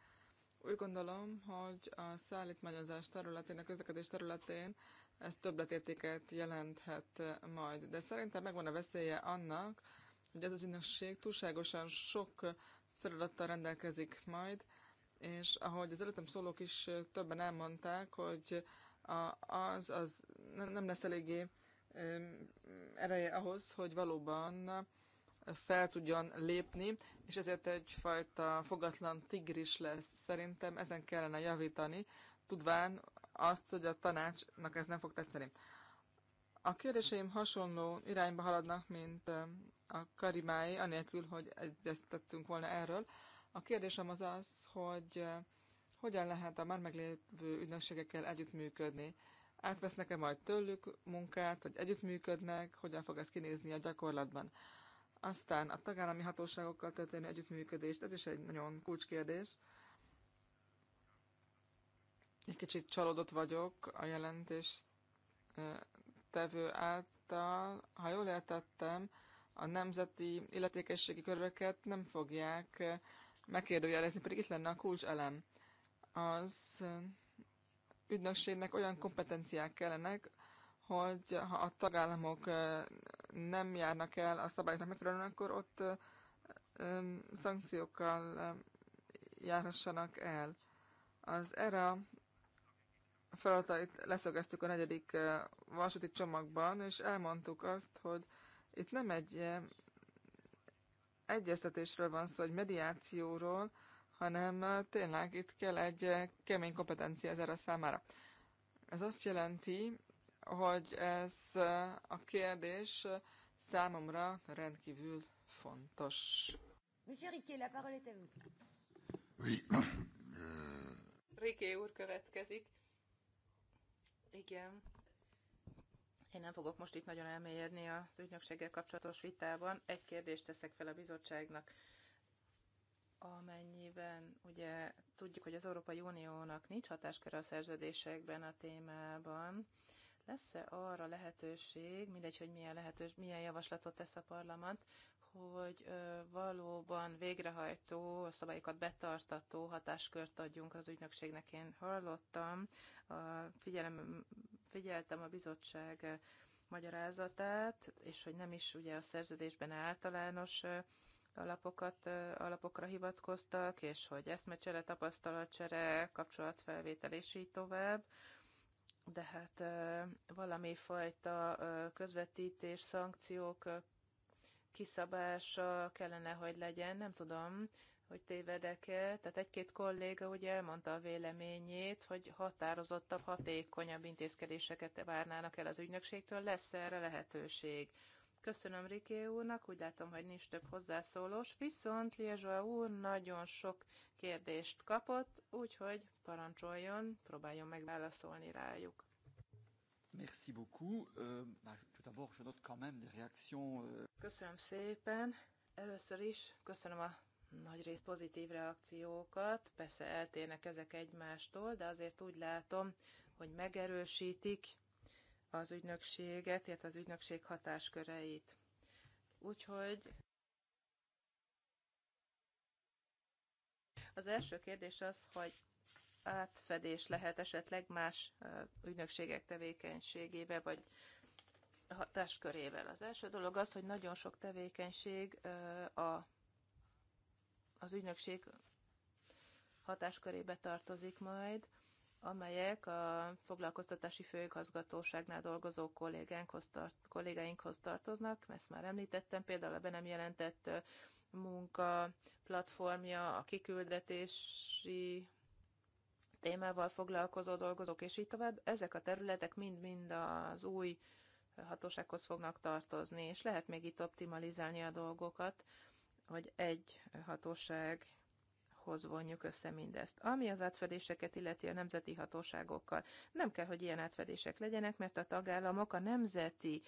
úgy gondolom, hogy a szállítmányozás területén, a közlekedés területén ez többletértéket jelenthet majd. De szerintem megvan a veszélye annak, hogy ez az ügynökség túlságosan sok feladattal rendelkezik majd, és ahogy az előttem szólók is többen elmondták, hogy az, az nem lesz eléggé ereje ahhoz, hogy valóban fel tudjon lépni, és ezért egyfajta fogatlan tigris lesz. Szerintem ezen kellene javítani, tudván azt, hogy a tanácsnak ez nem fog tetszeni. A kérdéseim hasonló irányba haladnak, mint a karimái, anélkül, hogy egyeztettünk volna erről. A kérdésem az az, hogy hogyan lehet a már meglévő ügynökségekkel együttműködni. Átvesznek-e majd tőlük munkát, hogy együttműködnek, hogyan fog ez kinézni a gyakorlatban. Aztán a tagállami hatóságokkal történő együttműködést, ez is egy nagyon kulcskérdés. Egy kicsit csalódott vagyok a jelentés tevő által. Ha jól értettem, a nemzeti illetékességi köröket nem fogják megkérdőjelezni, pedig itt lenne a kulcselem. Az ügynökségnek olyan kompetenciák kellenek, hogy ha a tagállamok nem járnak el a szabályoknak megfelelően, akkor ott szankciókkal járhassanak el. Az ERA feladatait leszögeztük a negyedik vasúti csomagban, és elmondtuk azt, hogy itt nem egy egyeztetésről van szó, egy mediációról, hanem tényleg itt kell egy kemény kompetencia az ERA számára. Ez azt jelenti, hogy ez eh, a kérdés eh, számomra rendkívül fontos. Monsieur Riquet, la parole est à vous. Oui. Euh. Riquet úr következik. Igen. Én nem fogok most itt nagyon elmélyedni az ügynökséggel kapcsolatos vitában. Egy kérdést teszek fel a bizottságnak amennyiben ugye tudjuk, hogy az Európai Uniónak nincs hatásköre a szerződésekben a témában, lesz-e arra lehetőség, mindegy, hogy milyen, lehetős, milyen javaslatot tesz a parlament, hogy valóban végrehajtó, a szabályokat betartató hatáskört adjunk az ügynökségnek. Én hallottam, a figyelem, figyeltem a bizottság magyarázatát, és hogy nem is ugye a szerződésben általános alapokat, alapokra hivatkoztak, és hogy eszmecsere, tapasztalatcsere, kapcsolatfelvétel, és így tovább de hát valami fajta közvetítés, szankciók kiszabása kellene, hogy legyen, nem tudom, hogy tévedek-e. Tehát egy-két kolléga ugye elmondta a véleményét, hogy határozottabb, hatékonyabb intézkedéseket várnának el az ügynökségtől, lesz erre lehetőség. Köszönöm Riké úrnak, úgy látom, hogy nincs több hozzászólós, viszont Liezsa úr nagyon sok kérdést kapott, úgyhogy parancsoljon, próbáljon megválaszolni rájuk. Merci beaucoup. Euh, bah, tout d'abord, je note quand même des réactions. Euh... Köszönöm szépen. Először is köszönöm a nagy részt pozitív reakciókat. Persze eltérnek ezek egymástól, de azért úgy látom, hogy megerősítik az ügynökséget, illetve az ügynökség hatásköreit. Úgyhogy az első kérdés az, hogy átfedés lehet esetleg más ügynökségek tevékenységébe, vagy hatáskörével. Az első dolog az, hogy nagyon sok tevékenység a, az ügynökség hatáskörébe tartozik majd, amelyek a foglalkoztatási főigazgatóságnál dolgozó kollégánkhoz tart, kollégáinkhoz tartoznak, ezt már említettem, például a be nem jelentett munka platformja, a kiküldetési témával foglalkozó dolgozók, és így tovább. Ezek a területek mind-mind az új hatósághoz fognak tartozni, és lehet még itt optimalizálni a dolgokat, hogy egy hatóság hoz vonjuk össze mindezt. Ami az átfedéseket illeti a nemzeti hatóságokkal, nem kell, hogy ilyen átfedések legyenek, mert a tagállamok a nemzeti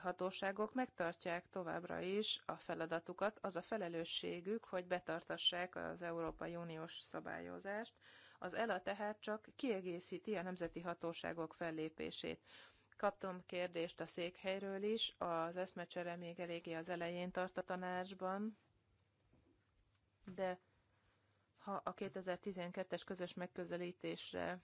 hatóságok megtartják továbbra is a feladatukat, az a felelősségük, hogy betartassák az Európai Uniós szabályozást. Az ELA tehát csak kiegészíti a nemzeti hatóságok fellépését. Kaptam kérdést a székhelyről is, az eszmecsere még eléggé az elején tart a tanácsban, de ha a 2012-es közös megközelítésre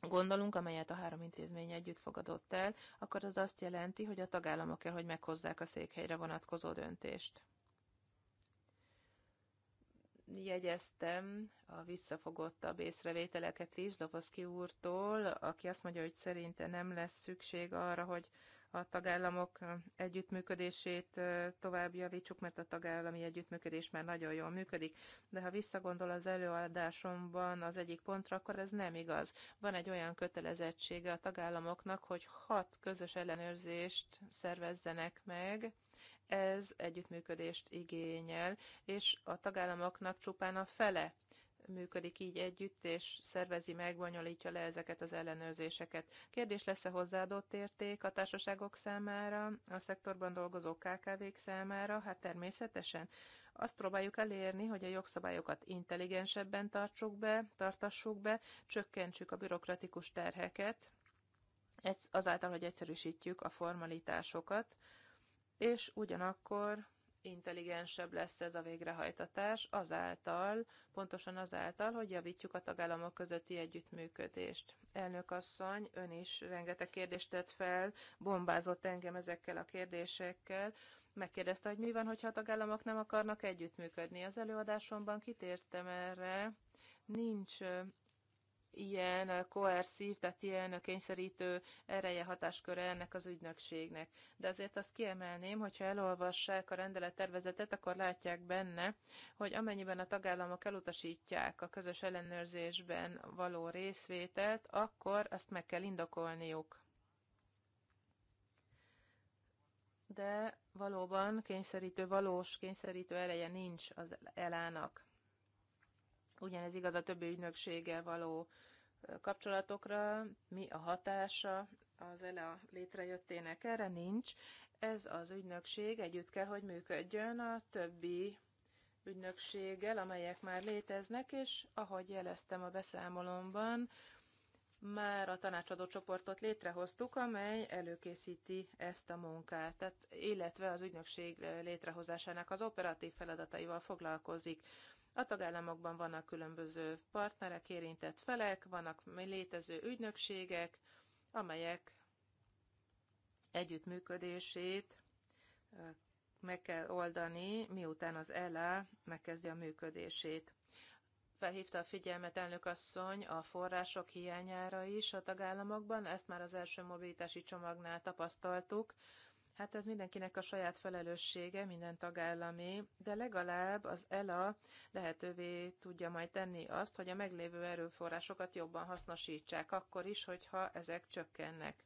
gondolunk, amelyet a három intézmény együtt fogadott el, akkor az azt jelenti, hogy a tagállamok kell, hogy meghozzák a székhelyre vonatkozó döntést. Jegyeztem a visszafogottabb észrevételeket is Doboszki úrtól, aki azt mondja, hogy szerinte nem lesz szükség arra, hogy a tagállamok együttműködését tovább javítsuk, mert a tagállami együttműködés már nagyon jól működik. De ha visszagondol az előadásomban az egyik pontra, akkor ez nem igaz. Van egy olyan kötelezettsége a tagállamoknak, hogy hat közös ellenőrzést szervezzenek meg, ez együttműködést igényel, és a tagállamoknak csupán a fele működik így együtt, és szervezi meg, bonyolítja le ezeket az ellenőrzéseket. Kérdés lesz-e hozzáadott érték a társaságok számára, a szektorban dolgozó KKV-k számára? Hát természetesen. Azt próbáljuk elérni, hogy a jogszabályokat intelligensebben tartsuk be, tartassuk be, csökkentsük a bürokratikus terheket, azáltal, hogy egyszerűsítjük a formalitásokat, és ugyanakkor intelligensebb lesz ez a végrehajtatás azáltal, pontosan azáltal, hogy javítjuk a tagállamok közötti együttműködést. Elnök asszony, ön is rengeteg kérdést tett fel, bombázott engem ezekkel a kérdésekkel. Megkérdezte, hogy mi van, hogyha a tagállamok nem akarnak együttműködni. Az előadásomban kitértem erre, nincs ilyen koerszív, tehát ilyen kényszerítő ereje hatásköre ennek az ügynökségnek. De azért azt kiemelném, hogyha elolvassák a rendelettervezetet, akkor látják benne, hogy amennyiben a tagállamok elutasítják a közös ellenőrzésben való részvételt, akkor azt meg kell indokolniuk. De valóban kényszerítő, valós kényszerítő ereje nincs az elának. Ugyanez igaz a többi ügynökséggel való kapcsolatokra, mi a hatása az a létrejöttének, erre nincs. Ez az ügynökség együtt kell, hogy működjön a többi ügynökséggel, amelyek már léteznek, és ahogy jeleztem a beszámolomban, már a tanácsadó csoportot létrehoztuk, amely előkészíti ezt a munkát, tehát, illetve az ügynökség létrehozásának az operatív feladataival foglalkozik. A tagállamokban vannak különböző partnerek, érintett felek, vannak létező ügynökségek, amelyek együttműködését meg kell oldani, miután az ELA megkezdi a működését. Felhívta a figyelmet asszony a források hiányára is a tagállamokban, ezt már az első mobilitási csomagnál tapasztaltuk, Hát ez mindenkinek a saját felelőssége, minden tagállami, de legalább az ELA lehetővé tudja majd tenni azt, hogy a meglévő erőforrásokat jobban hasznosítsák, akkor is, hogyha ezek csökkennek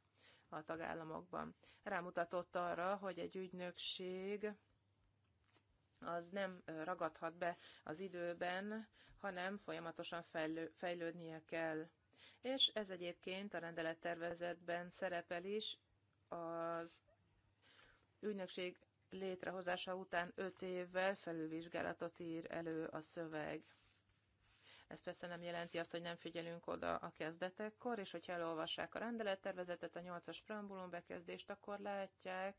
a tagállamokban. Rámutatott arra, hogy egy ügynökség az nem ragadhat be az időben, hanem folyamatosan fejlődnie kell. És ez egyébként a rendelettervezetben szerepel is, az ügynökség létrehozása után öt évvel felülvizsgálatot ír elő a szöveg. Ez persze nem jelenti azt, hogy nem figyelünk oda a kezdetekkor, és hogyha elolvassák a rendelettervezetet, a 8-as preambulum bekezdést, akkor látják,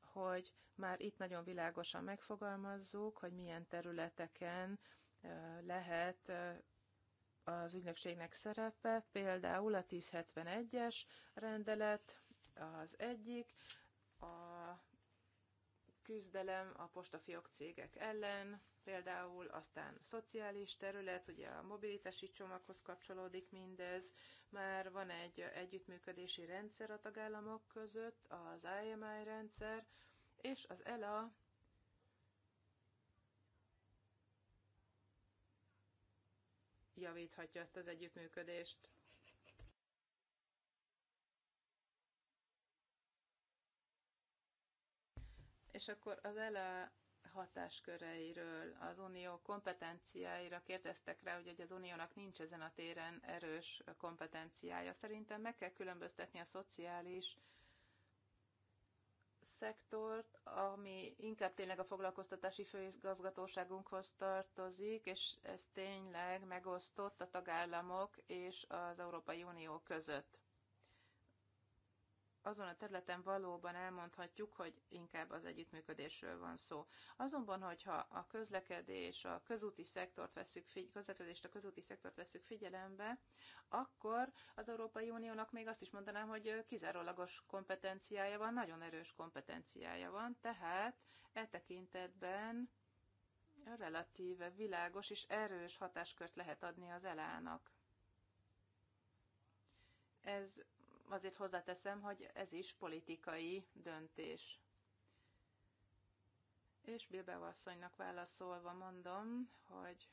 hogy már itt nagyon világosan megfogalmazzuk, hogy milyen területeken lehet az ügynökségnek szerepe, például a 1071-es rendelet az egyik, a küzdelem a postafiók cégek ellen, például aztán szociális terület, ugye a mobilitási csomaghoz kapcsolódik mindez, már van egy együttműködési rendszer a tagállamok között, az IMI rendszer, és az ELA javíthatja ezt az együttműködést. És akkor az ELA hatásköreiről, az unió kompetenciáira kérdeztek rá, hogy az uniónak nincs ezen a téren erős kompetenciája. Szerintem meg kell különböztetni a szociális szektort, ami inkább tényleg a foglalkoztatási főigazgatóságunkhoz tartozik, és ez tényleg megosztott a tagállamok és az Európai Unió között azon a területen valóban elmondhatjuk, hogy inkább az együttműködésről van szó. Azonban, hogyha a közlekedés, a közúti szektort veszük, közlekedést, a közúti szektort veszük figyelembe, akkor az Európai Uniónak még azt is mondanám, hogy kizárólagos kompetenciája van, nagyon erős kompetenciája van, tehát e tekintetben relatíve világos és erős hatáskört lehet adni az elának. Ez azért hozzáteszem, hogy ez is politikai döntés. És Bilbao asszonynak válaszolva mondom, hogy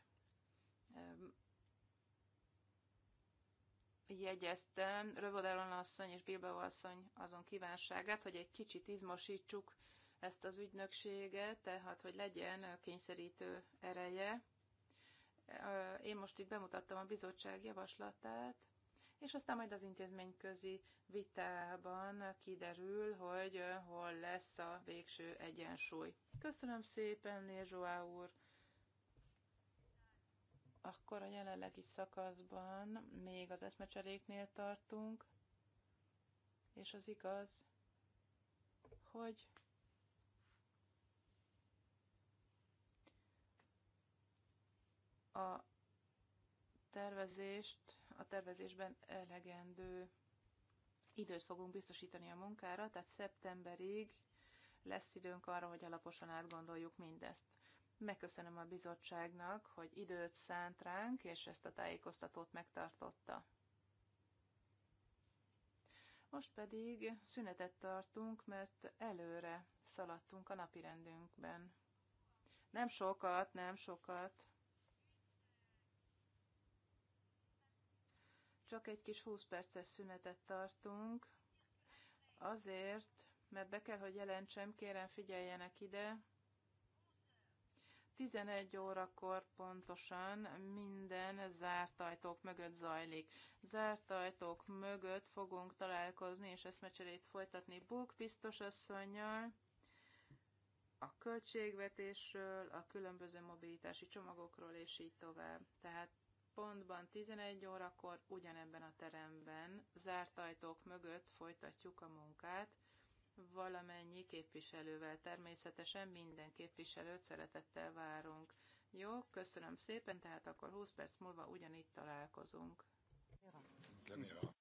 jegyeztem Rövodelon asszony és Bilbao asszony azon kívánságát, hogy egy kicsit izmosítsuk ezt az ügynökséget, tehát hogy legyen kényszerítő ereje. Én most itt bemutattam a bizottság javaslatát, és aztán majd az intézményközi vitában kiderül, hogy hol lesz a végső egyensúly. Köszönöm szépen, Nézsóá úr! Akkor a jelenlegi szakaszban még az eszmecseréknél tartunk, és az igaz, hogy a tervezést a tervezésben elegendő időt fogunk biztosítani a munkára, tehát szeptemberig lesz időnk arra, hogy alaposan átgondoljuk mindezt. Megköszönöm a bizottságnak, hogy időt szánt ránk, és ezt a tájékoztatót megtartotta. Most pedig szünetet tartunk, mert előre szaladtunk a napirendünkben. Nem sokat, nem sokat. csak egy kis 20 perces szünetet tartunk, azért, mert be kell, hogy jelentsem, kérem figyeljenek ide, 11 órakor pontosan minden zárt ajtók mögött zajlik. Zárt ajtók mögött fogunk találkozni és eszmecserét folytatni Bók biztos asszonynal, a költségvetésről, a különböző mobilitási csomagokról és így tovább. Tehát pontban 11 órakor ugyanebben a teremben, zárt ajtók mögött folytatjuk a munkát, valamennyi képviselővel. Természetesen minden képviselőt szeretettel várunk. Jó, köszönöm szépen, tehát akkor 20 perc múlva ugyanitt találkozunk. Kamera.